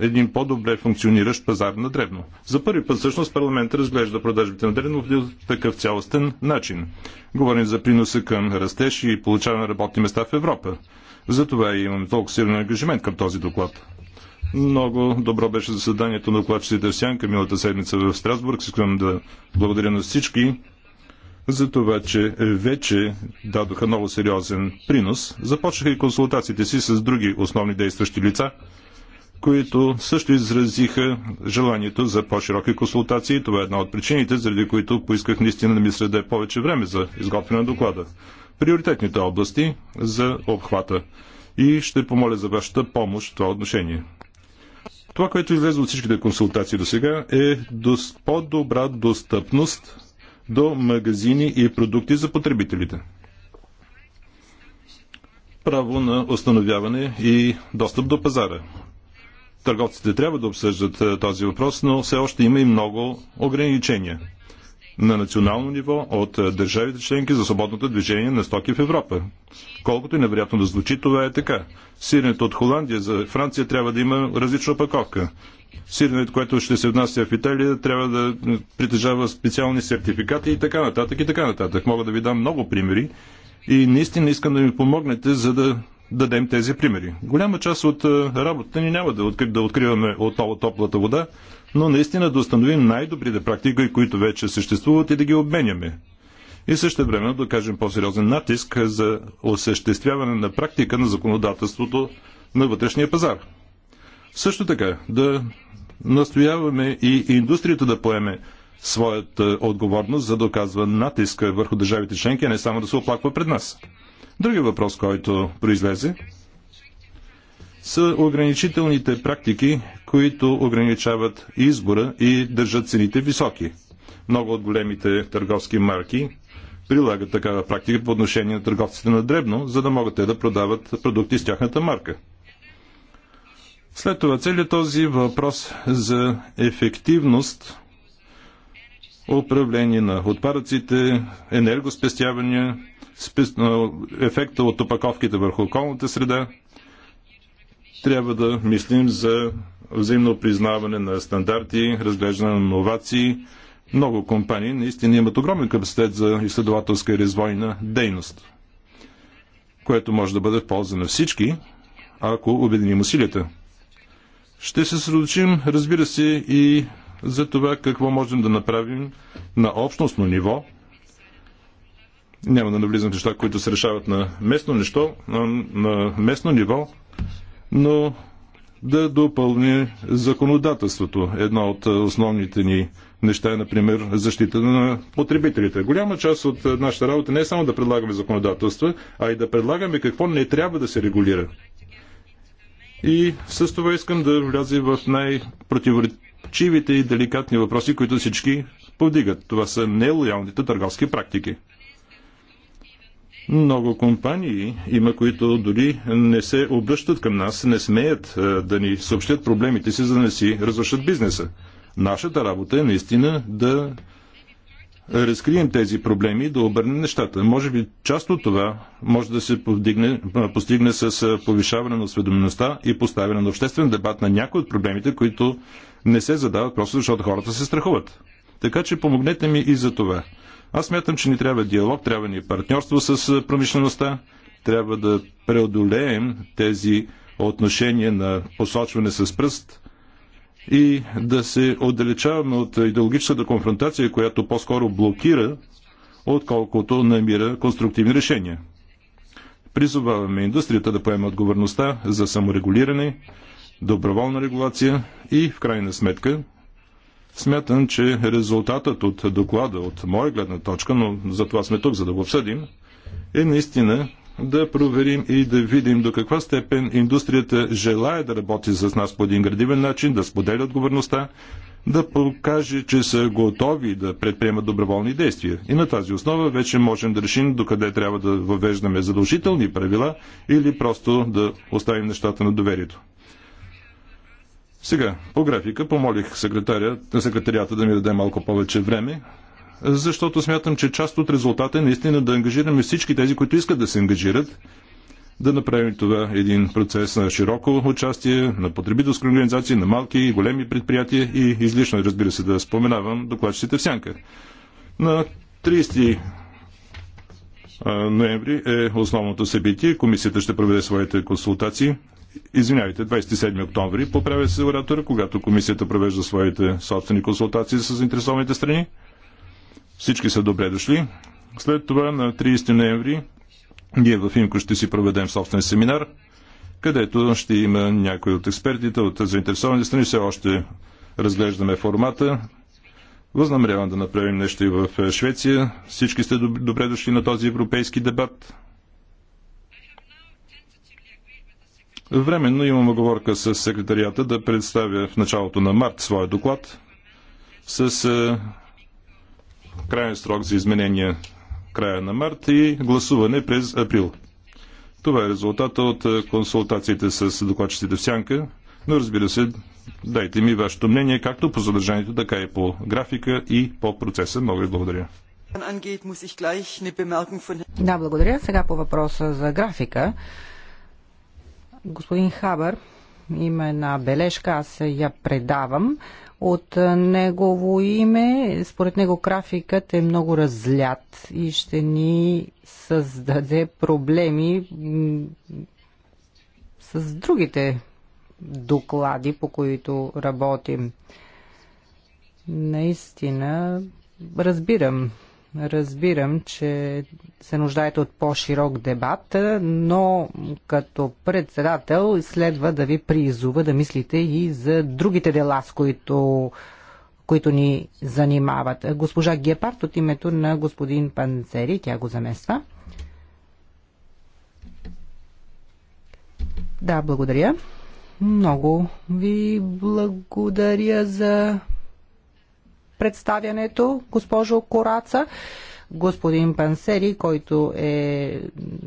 един по-добре функциониращ пазар на древно. За първи път всъщност парламент разглежда продажбите на древно в такъв цялостен начин. Говорим за приноса към растеж и получаване на работни места в Европа. Затова и имаме толкова силен ангажимент към този доклад. Много добро беше заседанието на докладчиците в Сянка милата седмица в Страсбург. Искам да благодаря на всички за това, че вече дадоха много сериозен принос. Започнаха и консултациите си с други основни действащи лица, които също изразиха желанието за по-широки консултации. Това е една от причините, заради които поисках наистина да ми е повече време за изготвяне на доклада приоритетните области за обхвата. И ще помоля за вашата помощ в това отношение. Това, което излезе от всичките консултации до сега е по-добра достъпност до магазини и продукти за потребителите. Право на установяване и достъп до пазара. Търговците трябва да обсъждат е, този въпрос, но все още има и много ограничения на национално ниво от е, държавите членки за свободното движение на стоки в Европа. Колкото и невероятно да звучи, това е така. Сиренето от Холандия за Франция трябва да има различна опаковка. Сиренето, което ще се внася в Италия, трябва да е, притежава специални сертификати и така нататък и така нататък. Мога да ви дам много примери и наистина искам да ми помогнете, за да дадем тези примери. Голяма част от е, работата ни няма да, да откриваме отново топлата вода, но наистина да установим най-добрите практики, които вече съществуват и да ги обменяме. И също време да кажем по-сериозен натиск за осъществяване на практика на законодателството на вътрешния пазар. Също така да настояваме и индустрията да поеме своята отговорност, за да оказва натиска върху държавите членки, а не само да се оплаква пред нас. Други въпрос, който произлезе, са ограничителните практики, които ограничават избора и държат цените високи. Много от големите търговски марки прилагат такава практика по отношение на търговците на дребно, за да могат те да продават продукти с тяхната марка. След това целият този въпрос за ефективност, управление на отпадъците, енергоспестявания, ефекта от опаковките върху околната среда, трябва да мислим за взаимно признаване на стандарти, разглеждане на новации. Много компании наистина имат огромен капацитет за изследователска и развойна дейност, което може да бъде в полза на всички, ако обединим усилията. Ще се съсредоточим, разбира се, и за това какво можем да направим на общностно ниво. Няма да навлизам в неща, които се решават на местно, нещо, на местно ниво, но да допълни законодателството. Едно от е, основните ни неща е, например, защита на потребителите. Голяма част от е, нашата работа не е само да предлагаме законодателства, а и да предлагаме какво не трябва да се регулира. И с това искам да вляза в най-противоречивите и деликатни въпроси, които всички повдигат. Това са нелоялните търговски практики. Много компании има, които дори не се обръщат към нас, не смеят е, да ни съобщат проблемите си, за да не си разрушат бизнеса. Нашата работа е наистина да разкрием тези проблеми и да обърнем нещата. Може би част от това може да се повдигне, е, постигне с е, повишаване на осведомеността и поставяне на обществен дебат на някои от проблемите, които не се задават просто защото хората се страхуват. Така че помогнете ми и за това. Аз смятам, че ни трябва диалог, трябва ни партньорство с промишлеността, трябва да преодолеем тези отношения на посочване с пръст и да се отдалечаваме от идеологическата конфронтация, която по-скоро блокира, отколкото намира конструктивни решения. Призоваваме индустрията да поеме отговорността за саморегулиране, доброволна регулация и, в крайна сметка, Смятам, че резултатът от доклада, от моя гледна точка, но за това сме тук, за да го обсъдим, е наистина да проверим и да видим до каква степен индустрията желая да работи с нас по един градивен начин, да споделя отговорността, да покаже, че са готови да предприемат доброволни действия. И на тази основа вече можем да решим докъде трябва да въвеждаме задължителни правила или просто да оставим нещата на доверието. Сега, по графика, помолих секретарията да ми даде малко повече време, защото смятам, че част от резултата е наистина да ангажираме всички тези, които искат да се ангажират, да направим това един процес на широко участие на потребителски организации, на малки и големи предприятия и излишно, е, разбира се, да споменавам докладчиците в сянка. На 30 ноември е основното събитие. Комисията ще проведе своите консултации. Извинявайте, 27 октомври поправя се оратора, когато комисията провежда своите собствени консултации с заинтересованите страни. Всички са добре дошли. След това на 30 ноември ние в Имко ще си проведем собствен семинар, където ще има някои от експертите от заинтересованите страни. Все още разглеждаме формата. Възнамерявам да направим нещо и в Швеция. Всички сте добре дошли на този европейски дебат. Временно имам оговорка с секретарията да представя в началото на март своя доклад с е, крайен срок за изменения края на март и гласуване през април. Това е резултата от е, консултациите с докладчиците в Сянка, но разбира се, дайте ми вашето мнение както по задържанието, така и по графика и по процеса. Много ви благодаря. Да, благодаря. Сега по въпроса за графика Господин Хабър има една бележка, аз я предавам. От негово име, според него графикът е много разлят и ще ни създаде проблеми с другите доклади, по които работим. Наистина, разбирам Разбирам, че се нуждаете от по-широк дебат, но като председател следва да ви призува да мислите и за другите дела, с които, които ни занимават. Госпожа Гепард от името на господин Панцери, тя го замества. Да, благодаря. Много ви благодаря за представянето, госпожо Кораца. Господин Пансери, който е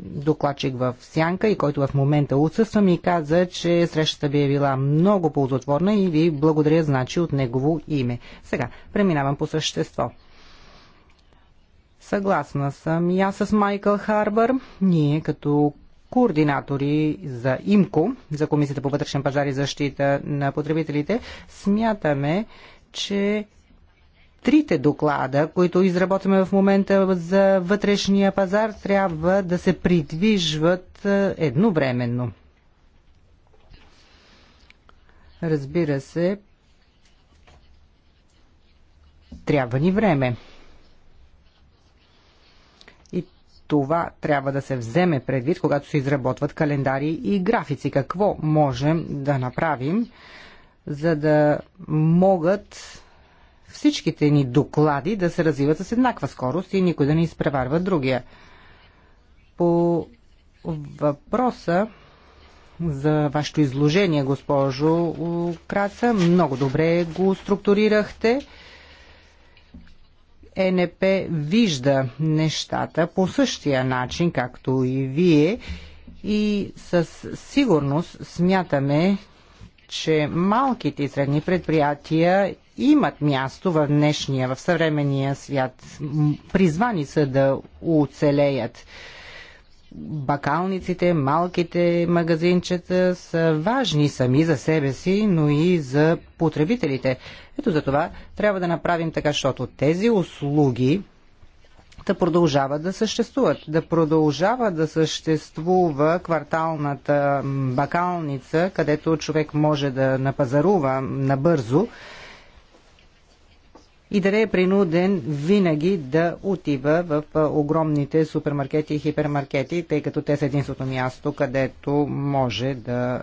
докладчик в Сянка и който в момента отсъства, ми каза, че срещата би е била много ползотворна и ви благодаря, значи, от негово име. Сега, преминавам по същество. Съгласна съм и аз с Майкъл Харбър. Ние като координатори за ИМКО, за Комисията по вътрешен пазар и защита на потребителите, смятаме, че трите доклада, които изработваме в момента за вътрешния пазар, трябва да се придвижват е, едновременно. Разбира се, трябва ни време. И това трябва да се вземе предвид, когато се изработват календари и графици. Какво можем да направим, за да могат всичките ни доклади да се развиват с еднаква скорост и никой да не изпреварва другия. По въпроса за вашето изложение, госпожо Краца. Много добре го структурирахте. ЕНП вижда нещата по същия начин, както и вие. И със сигурност смятаме, че малките и средни предприятия имат място в днешния, в съвременния свят. Призвани са да оцелеят. Бакалниците, малките магазинчета са важни сами за себе си, но и за потребителите. Ето за това трябва да направим така, защото тези услуги, да продължават да съществуват. Да продължава да съществува кварталната бакалница, където човек може да напазарува набързо и да не е принуден винаги да отива в огромните супермаркети и хипермаркети, тъй като те са единството място, където може да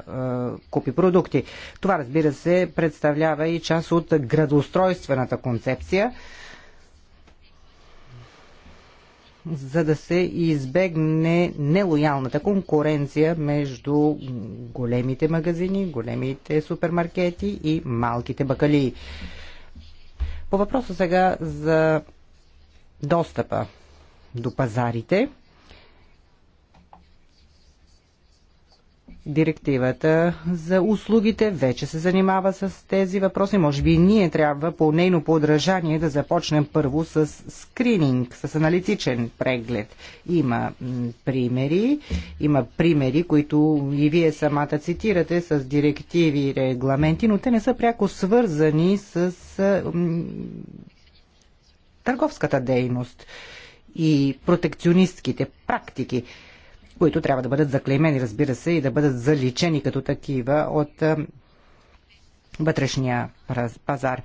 е, купи продукти. Това, разбира се, представлява и част от градоустройствената концепция, за да се избегне нелоялната конкуренция между големите магазини, големите супермаркети и малките бакалии. По въпроса сега за достъпа до пазарите – директивата за услугите вече се занимава с тези въпроси. Може би ние трябва по нейно подражание да започнем първо с скрининг, с аналитичен преглед. Има примери, има примери, които и вие самата цитирате с директиви и регламенти, но те не са пряко свързани с търговската дейност и протекционистките практики които трябва да бъдат заклеймени, разбира се, и да бъдат заличени като такива от вътрешния пазар.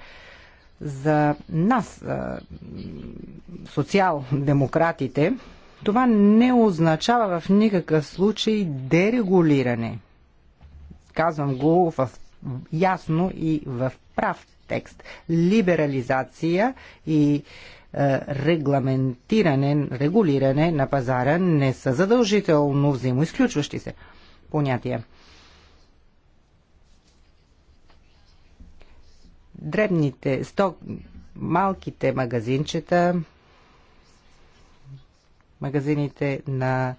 За нас, социал-демократите, това не означава в никакъв случай дерегулиране. Казвам го в ясно и в прав текст. Либерализация и е, регламентиране, регулиране на пазара не са задължително взаимоизключващи се понятия. Дребните сток, малките магазинчета, магазините на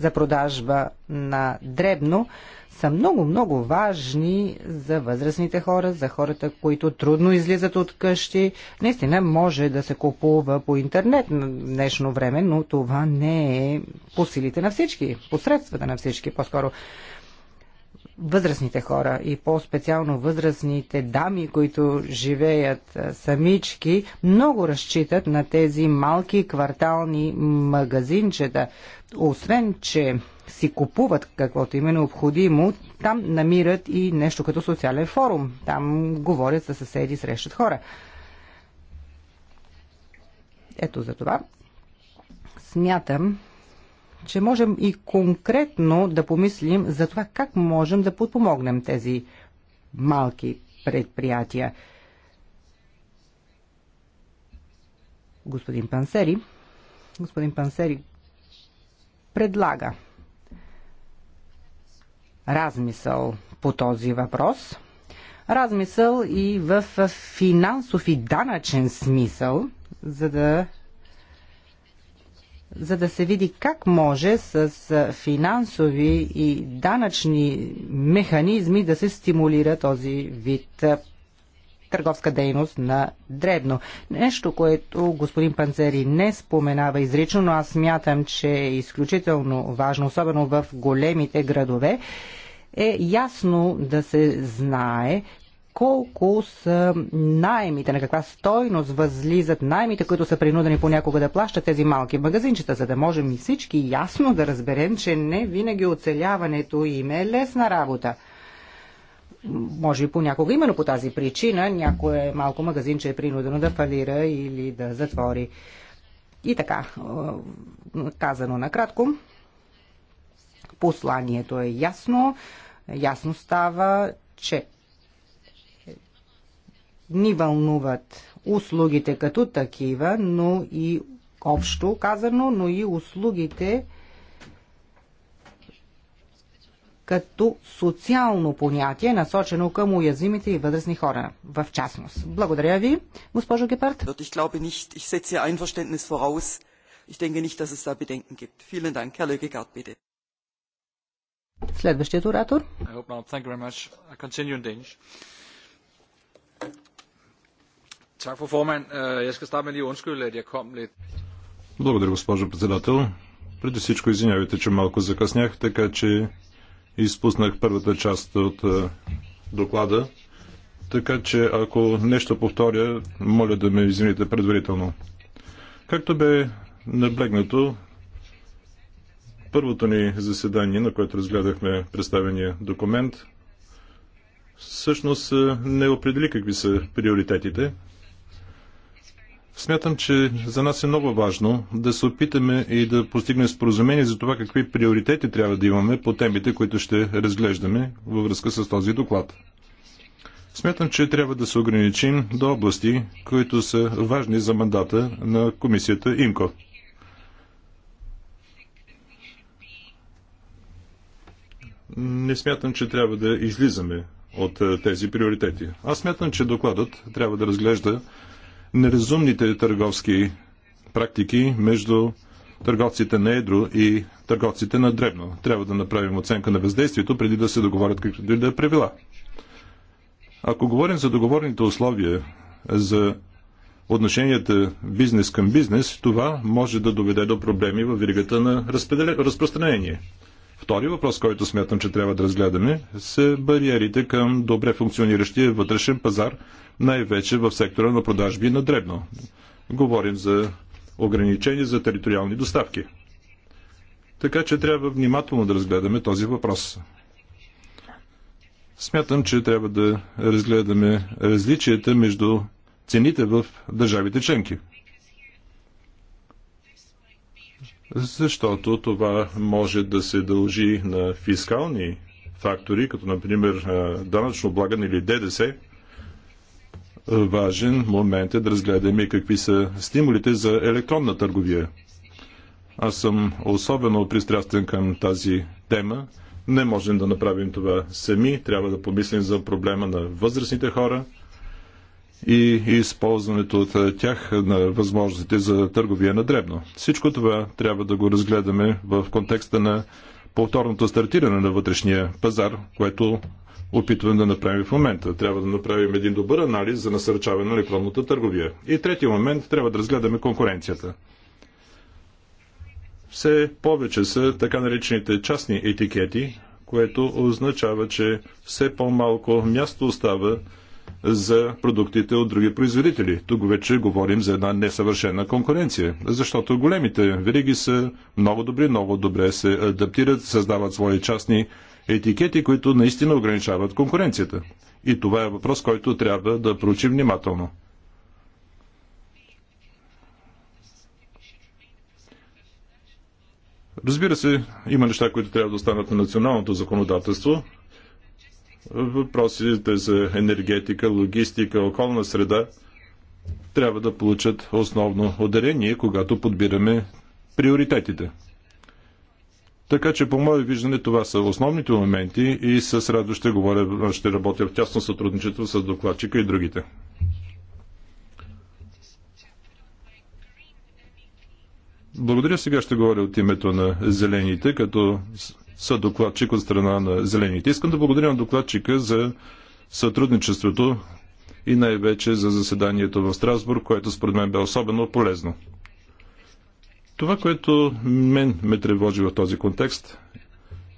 за продажба на дребно са много, много важни за възрастните хора, за хората, които трудно излизат от къщи. Наистина може да се купува по интернет на днешно време, но това не е по силите на всички, по средствата на всички по-скоро възрастните хора и по-специално възрастните дами, които живеят самички, много разчитат на тези малки квартални магазинчета. Освен, че си купуват каквото им е необходимо, там намират и нещо като социален форум. Там говорят с съседи, срещат хора. Ето за това смятам, че можем и конкретно да помислим за това как можем да подпомогнем тези малки предприятия. Господин Пансери, господин Пансери предлага размисъл по този въпрос. Размисъл и в финансов и данъчен смисъл, за да за да се види как може с финансови и данъчни механизми да се стимулира този вид търговска дейност на дребно. Нещо, което господин Панцери не споменава изрично, но аз смятам, че е изключително важно, особено в големите градове, е ясно да се знае, колко са найемите, на каква стойност възлизат найемите, които са принудени понякога да плащат тези малки магазинчета, за да можем и всички ясно да разберем, че не винаги оцеляването им е лесна работа. Може и понякога, именно по тази причина, някое малко магазинче е принудено да фалира или да затвори. И така, е, казано накратко, посланието е ясно. Ясно става, че ни вълнуват услугите като такива, но и общо казано, но и услугите като социално понятие, насочено към уязвимите и възрастни хора, в частност. Благодаря ви, госпожо Гепард. Ich glaube nicht, ich setze Ihr Einverständnis voraus. Ich denke nicht, dass es da Bedenken gibt. Vielen Dank, Herr Lögegaard, bitte. Следващият оратор. I hope not. Thank you very much. I continue in Danish. Tak for formand. Øh, jeg skal starte med lige undskylde, at jeg kom lidt. Благодаря, госпожо председател. Преди всичко извинявайте, че малко закъснях, така че изпуснах първата част от е, доклада. Така че ако нещо повторя, моля да ме извините предварително. Както бе наблегнато, първото ни заседание, на което разгледахме представения документ, всъщност е, не определи какви са приоритетите, Смятам, че за нас е много важно да се опитаме и да постигнем споразумение за това какви приоритети трябва да имаме по темите, които ще разглеждаме във връзка с този доклад. Смятам, че трябва да се ограничим до области, които са важни за мандата на комисията ИМКО. Не смятам, че трябва да излизаме от е, тези приоритети. Аз смятам, че докладът трябва да разглежда неразумните търговски практики между търговците на едро и търговците на дребно. Трябва да направим оценка на въздействието, преди да се договорят каквито и да е правила. Ако говорим за договорните условия, за отношенията бизнес към бизнес, това може да доведе до проблеми в веригата на разпределе... разпространение. Втори въпрос, който смятам, че трябва да разгледаме, са бариерите към добре функциониращия вътрешен пазар, най-вече в сектора на продажби на дребно. Говорим за ограничения за териториални доставки. Така че трябва внимателно да разгледаме този въпрос. Смятам, че трябва да разгледаме различията между цените в държавите членки – защото това може да се дължи на фискални фактори, като например данъчно облагане или ДДС. Важен момент е да разгледаме какви са стимулите за електронна търговия. Аз съм особено пристрастен към тази тема. Не можем да направим това сами. Трябва да помислим за проблема на възрастните хора – и използването от е, тях на възможностите за търговия на дребно. Всичко това трябва да го разгледаме в контекста на повторното стартиране на вътрешния пазар, което опитваме да направим в момента. Трябва да направим един добър анализ за насърчаване на електронната търговия. И третия момент трябва да разгледаме конкуренцията. Все повече са така наречените частни етикети, което означава, че все по-малко място остава за продуктите от други производители. Тук вече говорим за една несъвършена конкуренция, защото големите вериги са много добри, много добре се адаптират, създават свои частни етикети, които наистина ограничават конкуренцията. И това е въпрос, който трябва да проучим внимателно. Разбира се, има неща, които трябва да останат на националното законодателство, въпросите за енергетика, логистика, околна среда трябва да получат основно ударение, когато подбираме приоритетите. Така че, по мое виждане, това са основните моменти и с радост ще говоря, ще работя в тясно сътрудничество с докладчика и другите. Благодаря. Сега ще говоря от името на зелените, като са докладчик от страна на Зелените. Искам да благодаря на докладчика за сътрудничеството и най-вече за заседанието в Страсбург, което според мен бе особено полезно. Това, което мен ме тревожи в този контекст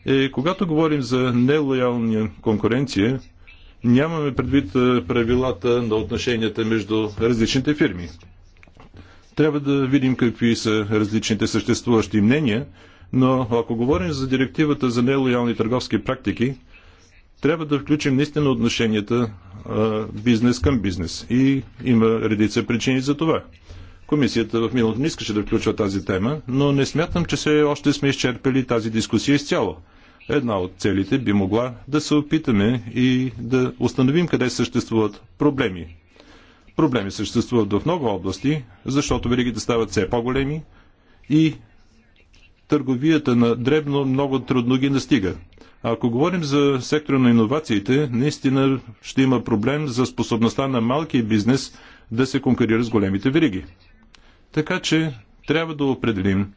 е, когато говорим за нелоялния конкуренция, нямаме предвид е, правилата на отношенията между различните фирми. Трябва да видим какви са различните съществуващи мнения – но ако говорим за директивата за нелоялни търговски практики, трябва да включим наистина отношенията бизнес към бизнес. И има редица причини за това. Комисията в миналото не искаше да включва тази тема, но не смятам, че все още сме изчерпили тази дискусия изцяло. Една от целите би могла да се опитаме и да установим къде съществуват проблеми. Проблеми съществуват в много области, защото веригите стават все по-големи и търговията на дребно много трудно ги настига. А ако говорим за сектора на иновациите, наистина ще има проблем за способността на малкия бизнес да се конкурира с големите вериги. Така че трябва да определим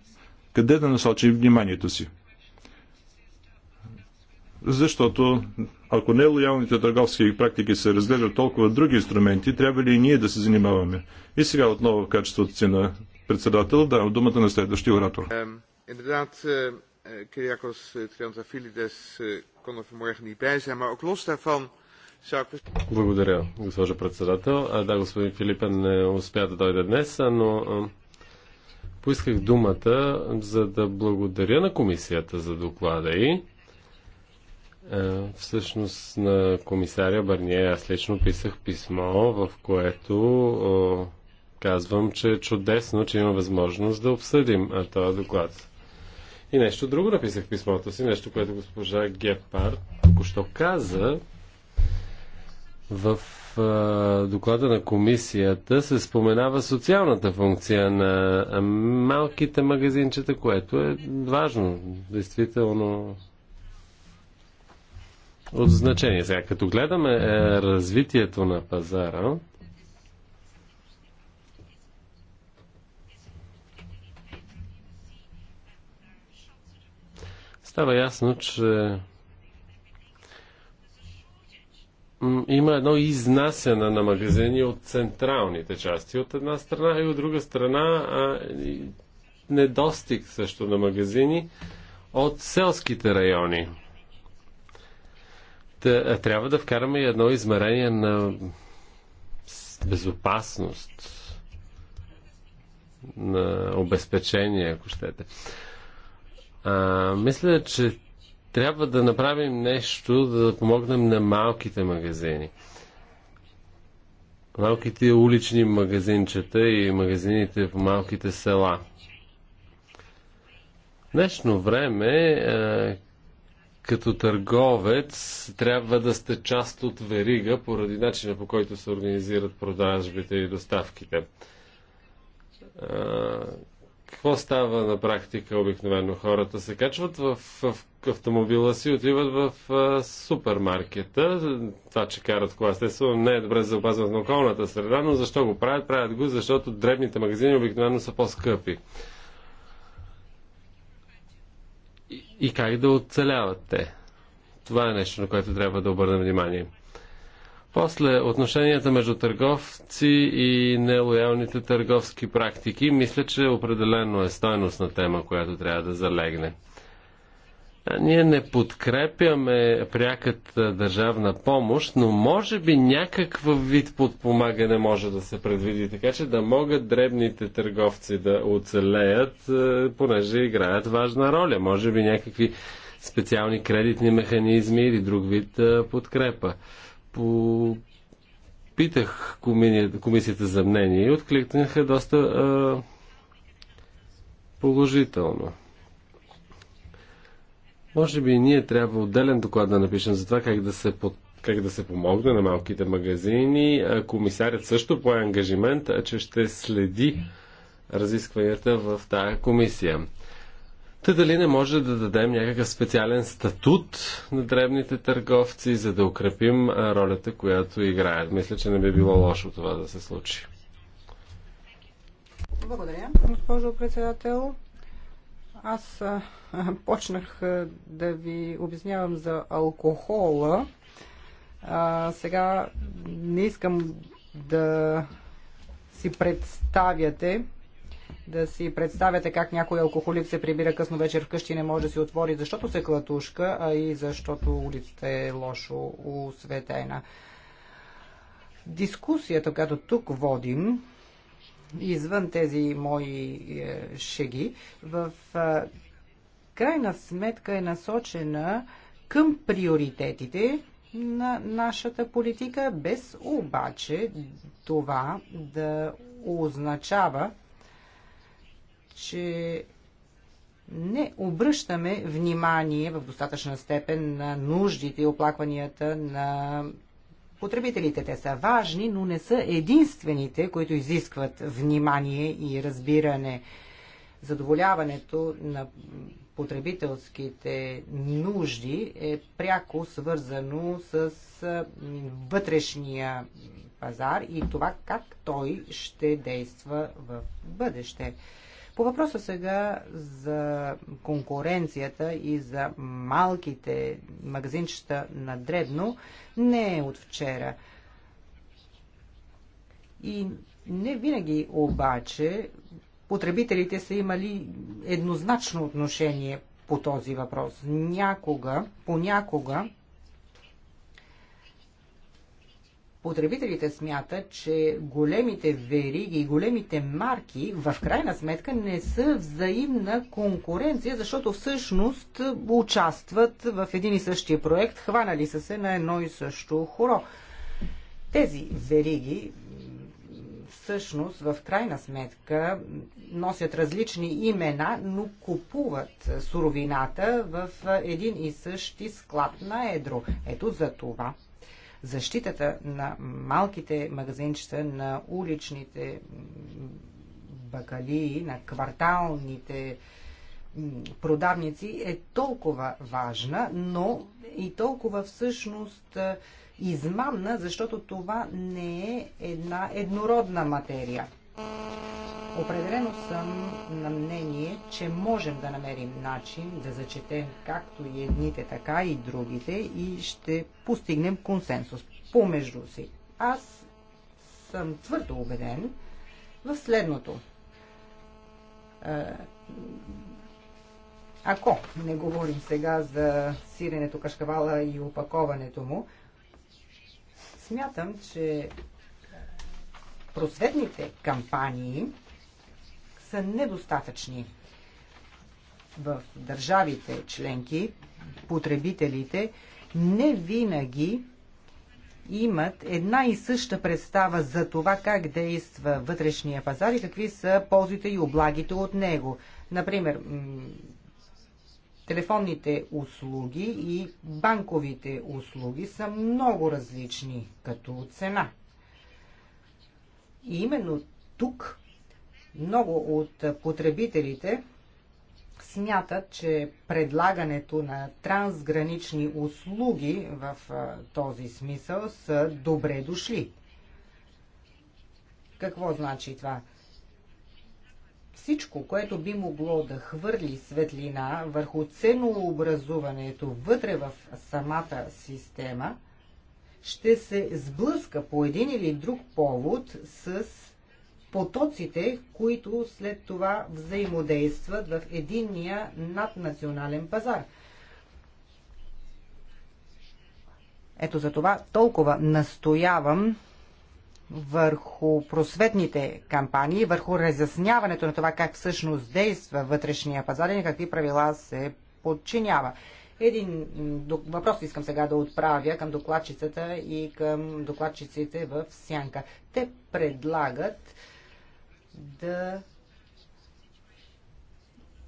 къде да насочим вниманието си. Защото ако нелоялните търговски практики се разглеждат толкова други инструменти, трябва ли и ние да се занимаваме? И сега отново в качеството си на председател давам думата на следващия оратор inderdaad, eh, eh, Kyriakos eh, triantafylides kon er vanmorgen niet bij zijn, maar ook los daarvan zou ik... Благодаря, госпожо председател. Да, господин Филипен не успя да дойде днес, но поисках думата, за да благодаря на комисията за доклада и всъщност на комисаря Барния аз лично писах писмо, в което казвам, че е чудесно, че има възможност да обсъдим този доклад. И нещо друго написах в писмото си, нещо, което госпожа Гепард току-що каза. В а, доклада на комисията се споменава социалната функция на малките магазинчета, което е важно, действително от значение. Сега, като гледаме е, развитието на пазара, става ясно, че има едно изнасяне на магазини от централните части от една страна и от друга страна а, недостиг също на магазини от селските райони. Та, трябва да вкараме и едно измерение на безопасност, на обезпечение, ако щете. А, мисля, че трябва да направим нещо, да помогнем на малките магазини. Малките улични магазинчета и магазините в малките села. В днешно време, като търговец, трябва да сте част от верига поради начина по който се организират продажбите и доставките какво става на практика обикновено? Хората се качват в, в автомобила си, отиват в а, супермаркета. Това, че карат кола, естествено, не е добре за опазването на околната среда, но защо го правят? Правят го, защото дребните магазини обикновено са по-скъпи. И, и как да оцеляват те? Това е нещо, на което трябва да обърнем внимание. После отношенията между търговци и нелоялните търговски практики, мисля, че определено е стойностна тема, която трябва да залегне. Ние не подкрепяме пряката държавна помощ, но може би някакъв вид подпомагане може да се предвиди, така че да могат дребните търговци да оцелеят, понеже играят важна роля. Може би някакви специални кредитни механизми или друг вид подкрепа попитах комисията за мнение и откликнаха доста а, положително. Може би и ние трябва отделен доклад да напишем за това как да се под как да се помогне на малките магазини. Комисарят също пое ангажимент, че ще следи разискванията в тази комисия. Та дали не може да дадем някакъв специален статут на дребните търговци, за да укрепим ролята, която играят? Мисля, че не би било лошо това да се случи. Благодаря, госпожо председател. Аз а, почнах а, да ви обяснявам за алкохола. А, сега не искам да си представяте да си представяте как някой алкохолик се прибира късно вечер вкъщи и не може да си отвори, защото се клатушка, а и защото улицата е лошо осветена. Дискусията, която тук водим, извън тези мои е, шеги, в е, крайна сметка е насочена към приоритетите на нашата политика, без обаче това да означава, че не обръщаме внимание в достатъчна степен на нуждите и оплакванията на потребителите. Те са важни, но не са единствените, които изискват внимание и разбиране. Задоволяването на потребителските нужди е пряко свързано с вътрешния пазар и това как той ще действа в бъдеще. По въпроса сега за конкуренцията и за малките магазинчета на Дребно не е от вчера. И не винаги обаче потребителите са имали еднозначно отношение по този въпрос. Някога, понякога потребителите смятат, че големите вериги и големите марки в крайна сметка не са взаимна конкуренция, защото всъщност участват в един и същия проект, хванали са се на едно и също хоро. Тези вериги всъщност в крайна сметка носят различни имена, но купуват суровината в един и същи склад на едро. Ето за това защитата на малките магазинчета, на уличните бакалии, на кварталните продавници е толкова важна, но и толкова всъщност измамна, защото това не е една еднородна материя. Определено съм на мнение, че можем да намерим начин да зачетем както и едните, така и другите и ще постигнем консенсус помежду си. Аз съм твърдо убеден в следното. Е, ако не говорим сега за сиренето, кашкавала и опаковането му, смятам, че просветните кампании са недостатъчни. В държавите членки потребителите не винаги имат една и съща представа за това как действа вътрешния пазар и какви са ползите и облагите от него. Например, телефонните услуги и банковите услуги са много различни като цена. И именно тук много от потребителите смятат, че предлагането на трансгранични услуги в този смисъл са добре дошли. Какво значи това? Всичко, което би могло да хвърли светлина върху ценообразуването вътре в самата система, ще се сблъска по един или друг повод с потоците, които след това взаимодействат в единния наднационален пазар. Ето за това толкова настоявам върху просветните кампании, върху разясняването на това как всъщност действа вътрешния пазар и какви правила се подчинява. Един въпрос искам сега да отправя към докладчицата и към докладчиците в Сянка. Те предлагат да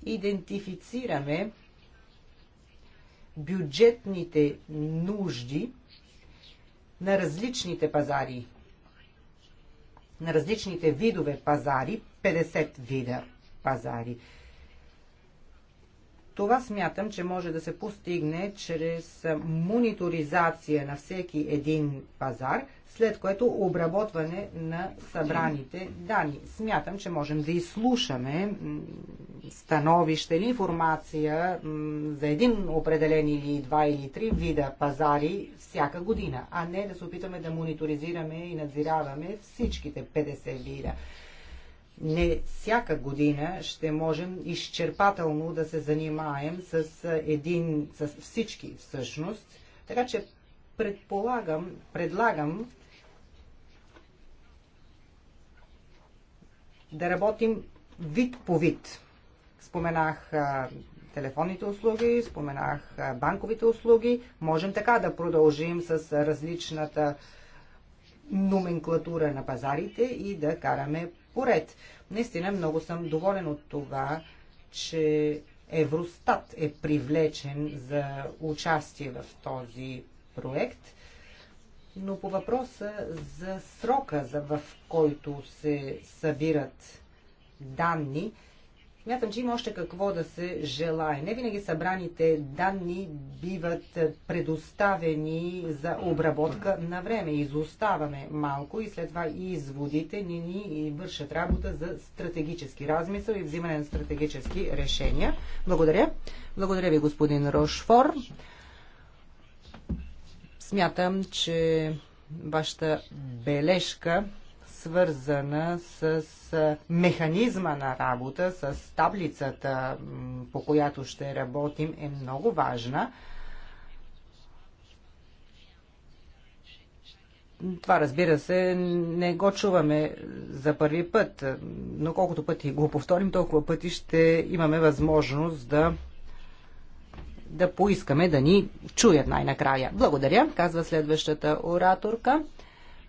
идентифицираме бюджетните нужди на различните пазари, на различните видове пазари, 50 вида пазари. Това смятам, че може да се постигне чрез мониторизация на всеки един пазар, след което обработване на събраните данни. Смятам, че можем да изслушаме становище или информация за един определен или два или три вида пазари всяка година, а не да се опитаме да мониторизираме и надзираваме всичките 50 вида не всяка година ще можем изчерпателно да се занимаем с един, с всички всъщност. Така че предполагам, предлагам да работим вид по вид. Споменах а, телефонните услуги, споменах а, банковите услуги. Можем така да продължим с различната номенклатура на пазарите и да караме поред. Наистина много съм доволен от това, че Евростат е привлечен за участие в този проект. Но по въпроса за срока, за в който се събират данни, Мятам, че има още какво да се желае. Не винаги събраните данни биват предоставени за обработка на време. Изоставаме малко и след това и изводите ни ни вършат работа за стратегически размисъл и взимане на стратегически решения. Благодаря. Благодаря ви, господин Рошфор. Смятам, че вашата бележка свързана с механизма на работа, с таблицата, по която ще работим, е много важна. Това разбира се, не го чуваме за първи път, но колкото пъти го повторим, толкова пъти ще имаме възможност да, да поискаме да ни чуят най-накрая. Благодаря, казва следващата ораторка.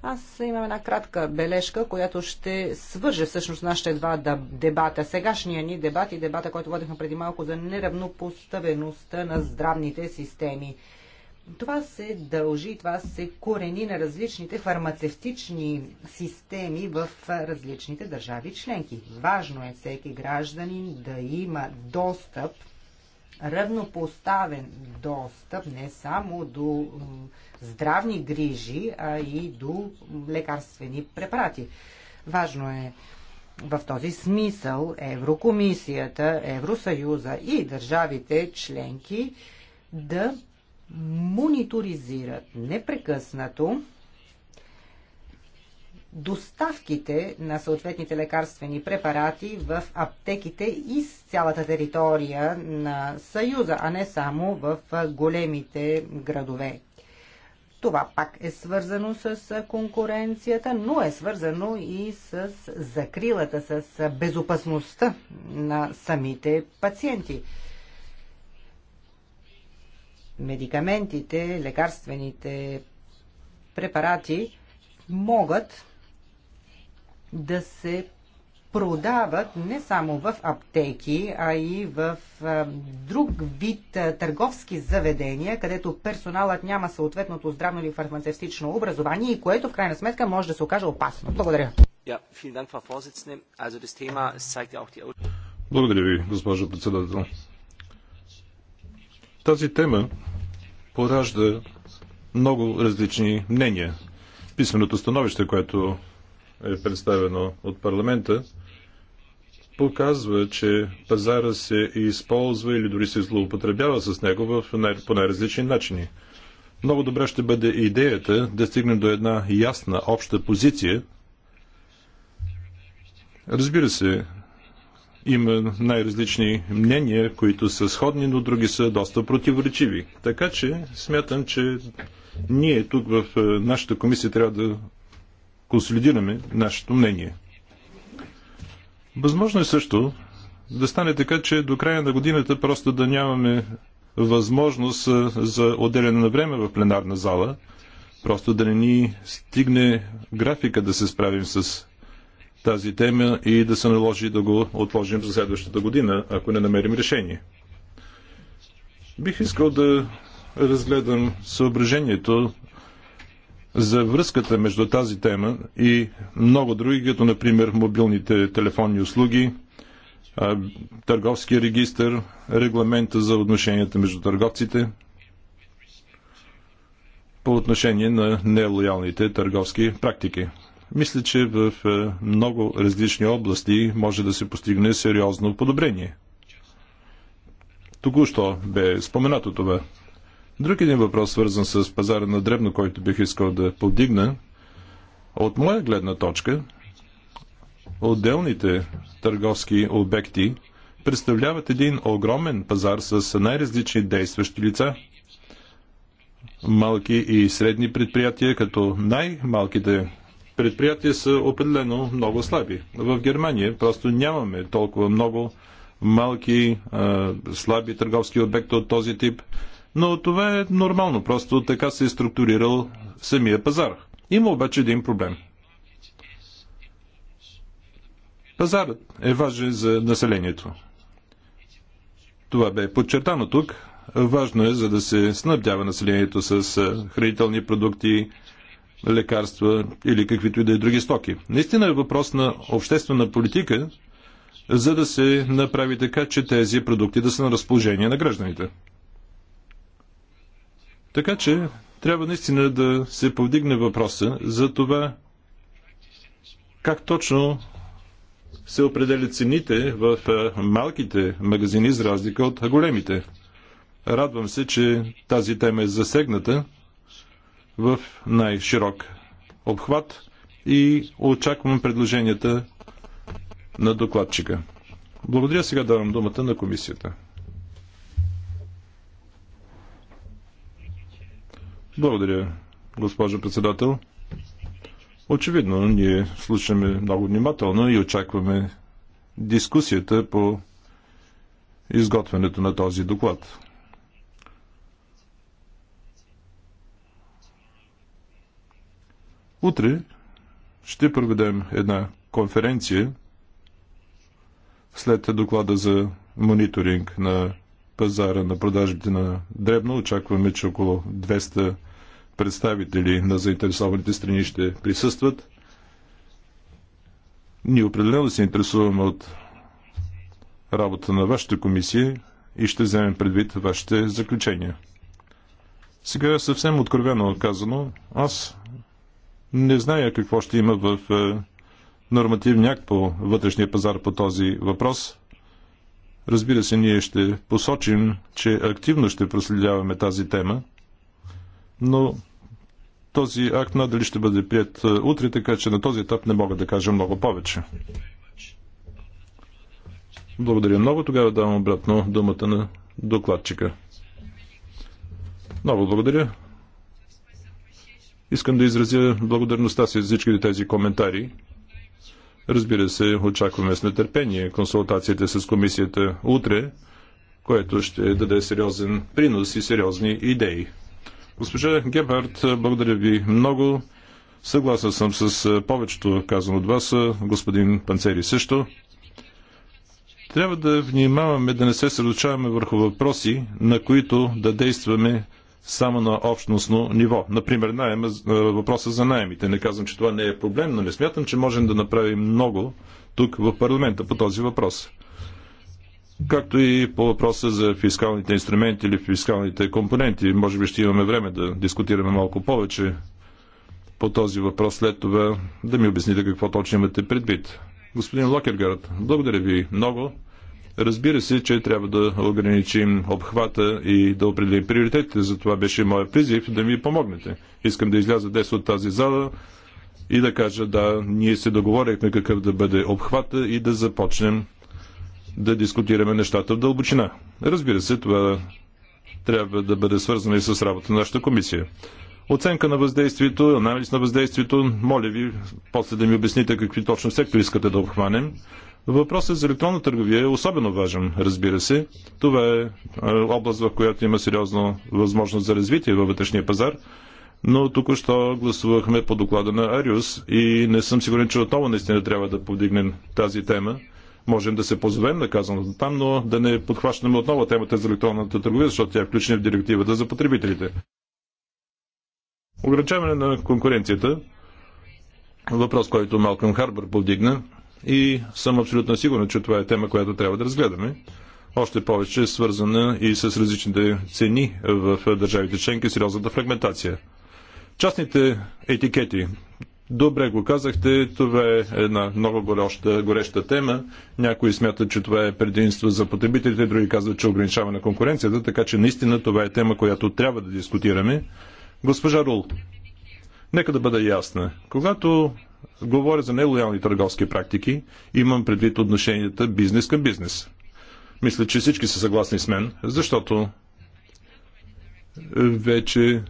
Аз имам една кратка бележка, която ще свърже всъщност нашите два дебата. Сегашния ни дебат и дебата, който водихме преди малко за неравнопоставеността на здравните системи. Това се дължи, това се корени на различните фармацевтични системи в различните държави членки. Важно е всеки гражданин да има достъп равнопоставен достъп не само до здравни грижи, а и до лекарствени препарати. Важно е в този смисъл Еврокомисията, Евросъюза и държавите членки да мониторизират непрекъснато доставките на съответните лекарствени препарати в аптеките из цялата територия на Съюза, а не само в големите градове. Това пак е свързано с конкуренцията, но е свързано и с закрилата, с безопасността на самите пациенти. Медикаментите, лекарствените препарати могат да се продават не само в аптеки, а и в друг вид търговски заведения, където персоналът няма съответното здравно или фармацевтично образование и което в крайна сметка може да се окаже опасно. Благодаря. Благодаря ви, госпожо председател. Тази тема поражда много различни мнения. Писменото становище, което е представено от парламента, показва, че пазара се използва или дори се злоупотребява с него в най- по най-различни начини. Много добре ще бъде идеята да стигнем до една ясна обща позиция. Разбира се, има най-различни мнения, които са сходни, но други са доста противоречиви. Така че смятам, че ние тук в е, нашата комисия трябва да консолидираме нашето мнение. Възможно е също да стане така, че до края на годината просто да нямаме възможност за отделяне на време в пленарна зала, просто да не ни стигне графика да се справим с тази тема и да се наложи да го отложим за следващата година, ако не намерим решение. Бих искал да разгледам съображението за връзката между тази тема и много други, като например мобилните телефонни услуги, търговския регистр, регламента за отношенията между търговците по отношение на нелоялните търговски практики. Мисля, че в много различни области може да се постигне сериозно подобрение. Току-що бе споменато това. Друг един въпрос, свързан с пазара на дребно, който бих искал да подигна. От моя гледна точка, отделните търговски обекти представляват един огромен пазар с най-различни действащи лица. Малки и средни предприятия, като най-малките предприятия са определено много слаби. В Германия просто нямаме толкова много малки, слаби търговски обекти от този тип но това е нормално, просто така се е структурирал самия пазар. Има обаче един проблем. Пазарът е важен за населението. Това бе подчертано тук. Важно е, за да се снабдява населението с хранителни продукти, лекарства или каквито и да е други стоки. Наистина е въпрос на обществена политика, за да се направи така, че тези продукти да са на разположение на гражданите. Така че трябва наистина да се повдигне въпроса за това как точно се определят цените в малките магазини за разлика от големите. Радвам се, че тази тема е засегната в най-широк обхват и очаквам предложенията на докладчика. Благодаря, сега давам думата на комисията. Благодаря, госпожо председател. Очевидно, ние слушаме много внимателно и очакваме дискусията по изготвянето на този доклад. Утре ще проведем една конференция след доклада за мониторинг на пазара на продажбите на Дребно. Очакваме, че около 200 представители на заинтересованите страни ще присъстват. Ние определено се интересуваме от работа на вашата комисия и ще вземем предвид вашите заключения. Сега е съвсем откровено казано, аз не зная какво ще има в е, нормативния акт по вътрешния пазар по този въпрос. Разбира се, ние ще посочим, че активно ще проследяваме тази тема, но този акт надали ще бъде прият е, утре, така че на този етап не мога да кажа много повече. Благодаря много. Тогава давам обратно думата на докладчика. Много благодаря. Искам да изразя благодарността си за всички тези коментари. Разбира се, очакваме с нетърпение консултациите с комисията утре, което ще даде сериозен принос и сериозни идеи. Госпожа Гебхарт, благодаря ви много. Съгласен съм с повечето казано от вас, господин Панцери също. Трябва да внимаваме да не се средочаваме върху въпроси, на които да действаме само на общностно ниво. Например, найема, въпроса за найемите. Не казвам, че това не е проблем, но не смятам, че можем да направим много тук в парламента по този въпрос както и по въпроса за фискалните инструменти или фискалните компоненти. Може би ще имаме време да дискутираме малко повече по този въпрос след това, да ми обясните какво точно имате предвид. Господин Локергард, благодаря ви много. Разбира се, че трябва да ограничим обхвата и да определим приоритетите. За това беше моя призив да ми помогнете. Искам да изляза днес от тази зала и да кажа да, ние се договорихме какъв да бъде обхвата и да започнем да дискутираме нещата в дълбочина. Разбира се, това трябва да бъде свързано и с работа на нашата комисия. Оценка на въздействието, анализ на въздействието, моля ви, после да ми обясните какви точно сектори искате да обхванем. Въпросът за електронна търговия е особено важен, разбира се. Това е, е област, в която има сериозна възможност за развитие във вътрешния пазар. Но тук що гласувахме по доклада на Ариус и не съм сигурен, че отново наистина трябва да повдигнем тази тема можем да се позовем на казаното там, но да не подхващаме отново темата за електронната търговия, защото тя е включена в директивата за потребителите. Ограничаване на конкуренцията. Въпрос, който Малкъм Харбър повдигна и съм абсолютно сигурен, че това е тема, която трябва да разгледаме. Още повече е свързана и с различните цени в държавите членки, сериозната фрагментация. Частните етикети. Добре го казахте, това е една много гореща, гореща тема. Някои смятат, че това е предимство за потребителите, други казват, че ограничава на конкуренцията, така че наистина това е тема, която трябва да дискутираме. Госпожа Рул, нека да бъда ясна. Когато говоря за нелоялни търговски практики, имам предвид отношенията бизнес към бизнес. Мисля, че всички са съгласни с мен, защото вече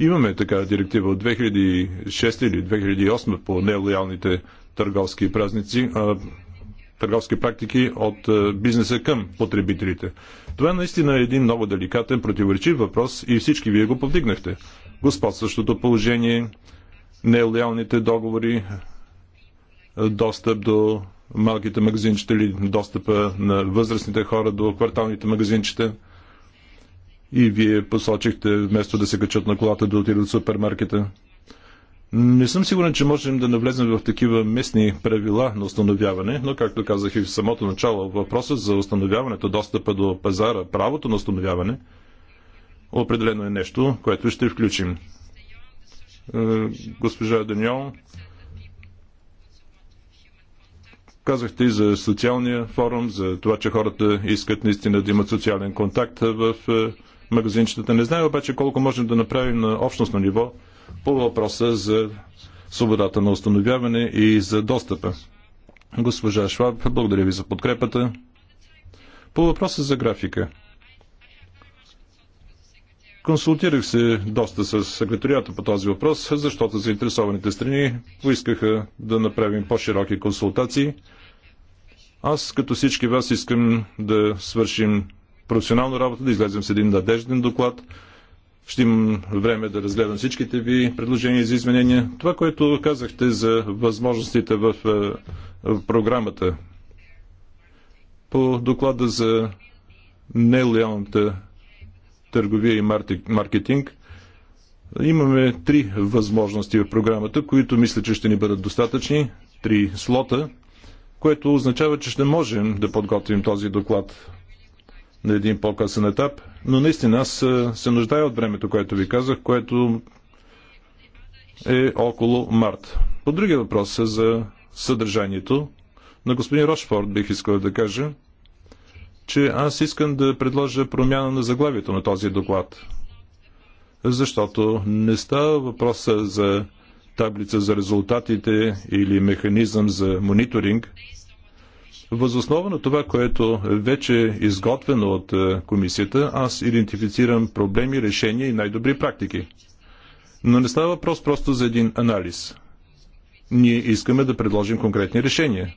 Имаме такава директива от 2006 или 2008 по нелоялните търговски празници, а, търговски практики от бизнеса към потребителите. Това наистина е един много деликатен, противоречив въпрос и всички вие го повдигнахте. Господстващото положение, нелоялните договори, достъп до малките магазинчета или достъпа на възрастните хора до кварталните магазинчета – и вие посочихте, вместо да се качат на колата, да отидат в супермаркета. Не съм сигурен, че можем да навлезем в такива местни правила на установяване, но както казах и в самото начало, въпросът за установяването, достъпа до пазара, правото на установяване, определено е нещо, което ще включим. Е, госпожа Даньон, казахте и за социалния форум, за това, че хората искат наистина да имат социален контакт в е, магазинчетата. Не знаем, обаче колко можем да направим на общностно ниво по въпроса за свободата на установяване и за достъпа. Госпожа Шваб, благодаря ви за подкрепата. По въпроса за графика. Консултирах се доста с секретарията по този въпрос, защото заинтересованите страни поискаха да направим по-широки консултации. Аз, като всички вас, искам да свършим професионална работа, да излезем с един надежден доклад. Ще имам време да разгледам всичките ви предложения за изменения. Това, което казахте за възможностите в, е, в програмата по доклада за нелоялната търговия и маркетинг, имаме три възможности в програмата, които мисля, че ще ни бъдат достатъчни. Три слота, което означава, че ще можем да подготвим този доклад на един по-късен етап. Но наистина аз е, се нуждая от времето, което ви казах, което е около март. По другия въпрос е за съдържанието. На господин Рошфорд бих искал да кажа, че аз искам да предложа промяна на заглавието на този доклад. Защото не става въпроса за таблица за резултатите или механизъм за мониторинг – Възоснова на това, което вече е изготвено от е, комисията, аз идентифицирам проблеми, решения и най-добри практики. Но не става въпрос просто за един анализ. Ние искаме да предложим конкретни решения.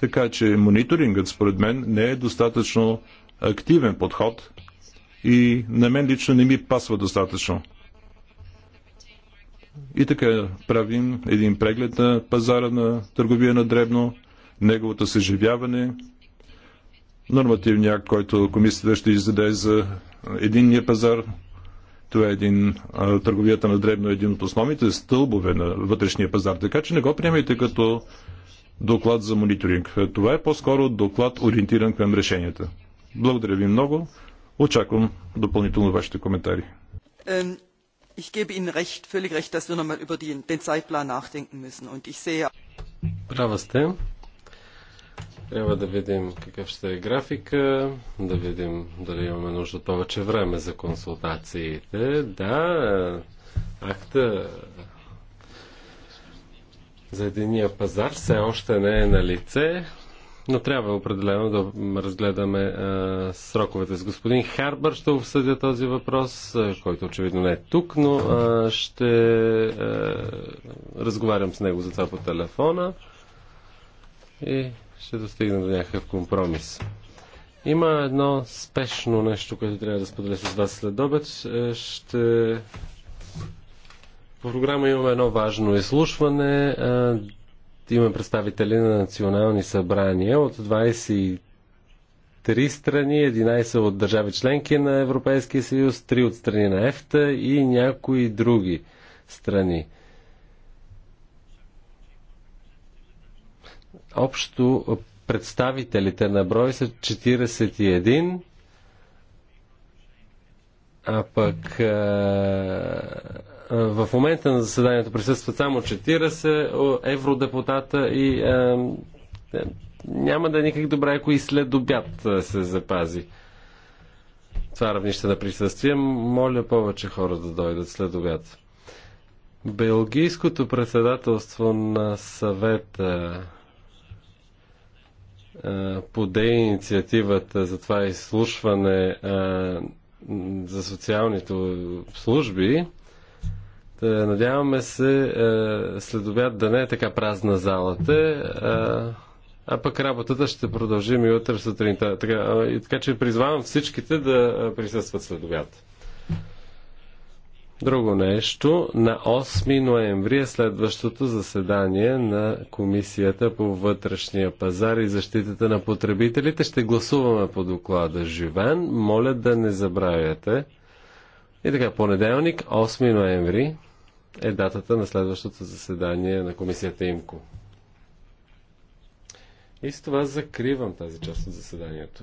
Така че мониторингът, според мен, не е достатъчно активен подход и на мен лично не ми пасва достатъчно. И така правим един преглед на пазара на търговия на дребно, неговото съживяване, нормативния акт, който комисията ще издаде за единния пазар. Това е един, търговията на дребно е един от основните стълбове на вътрешния пазар, така че не го приемайте като доклад за мониторинг. Това е по-скоро доклад ориентиран към решенията. Благодаря ви много. Очаквам допълнително вашите коментари. Ich gebe Ihnen recht, völlig recht, dass wir nochmal über den, den Zeitplan nachdenken müssen. Und ich sehe. Права сте. Трябва да видим какъв ще е графика, да видим дали имаме нужда повече време за консултациите. Да, акта за единия пазар все още не е на лице, но трябва определено да разгледаме а, сроковете. С господин Харбър ще обсъдя този въпрос, а, който очевидно не е тук, но а, ще а, разговарям с него за това по телефона. И ще достигна до някакъв компромис. Има едно спешно нещо, което трябва да споделя с вас след обед. Е, ще... По програма имаме едно важно изслушване. Е, имаме представители на национални събрания от 23 страни, 11 от държави членки на Европейския съюз, 3 от страни на ЕФТА и някои други страни. Общо представителите на брой са 41, а пък е, в момента на заседанието присъстват само 40 евродепутата и е, е, няма да е никак добре, ако и след обяд се запази това равнище на присъствие. Моля повече хора да дойдат след обяд. Белгийското председателство на съвета е, поде инициативата за това изслушване е, за социалните служби. надяваме се е, след обяд да не е така празна залата, а пък работата ще продължим и утре сутринта. Така, така че призвавам всичките да присъстват след обяд. Друго нещо, на 8 ноември е следващото заседание на Комисията по вътрешния пазар и защитата на потребителите. Ще гласуваме по доклада Живен. Моля да не забравяте. И така, понеделник, 8 ноември е датата на следващото заседание на Комисията ИМКО. И с това закривам тази част от заседанието.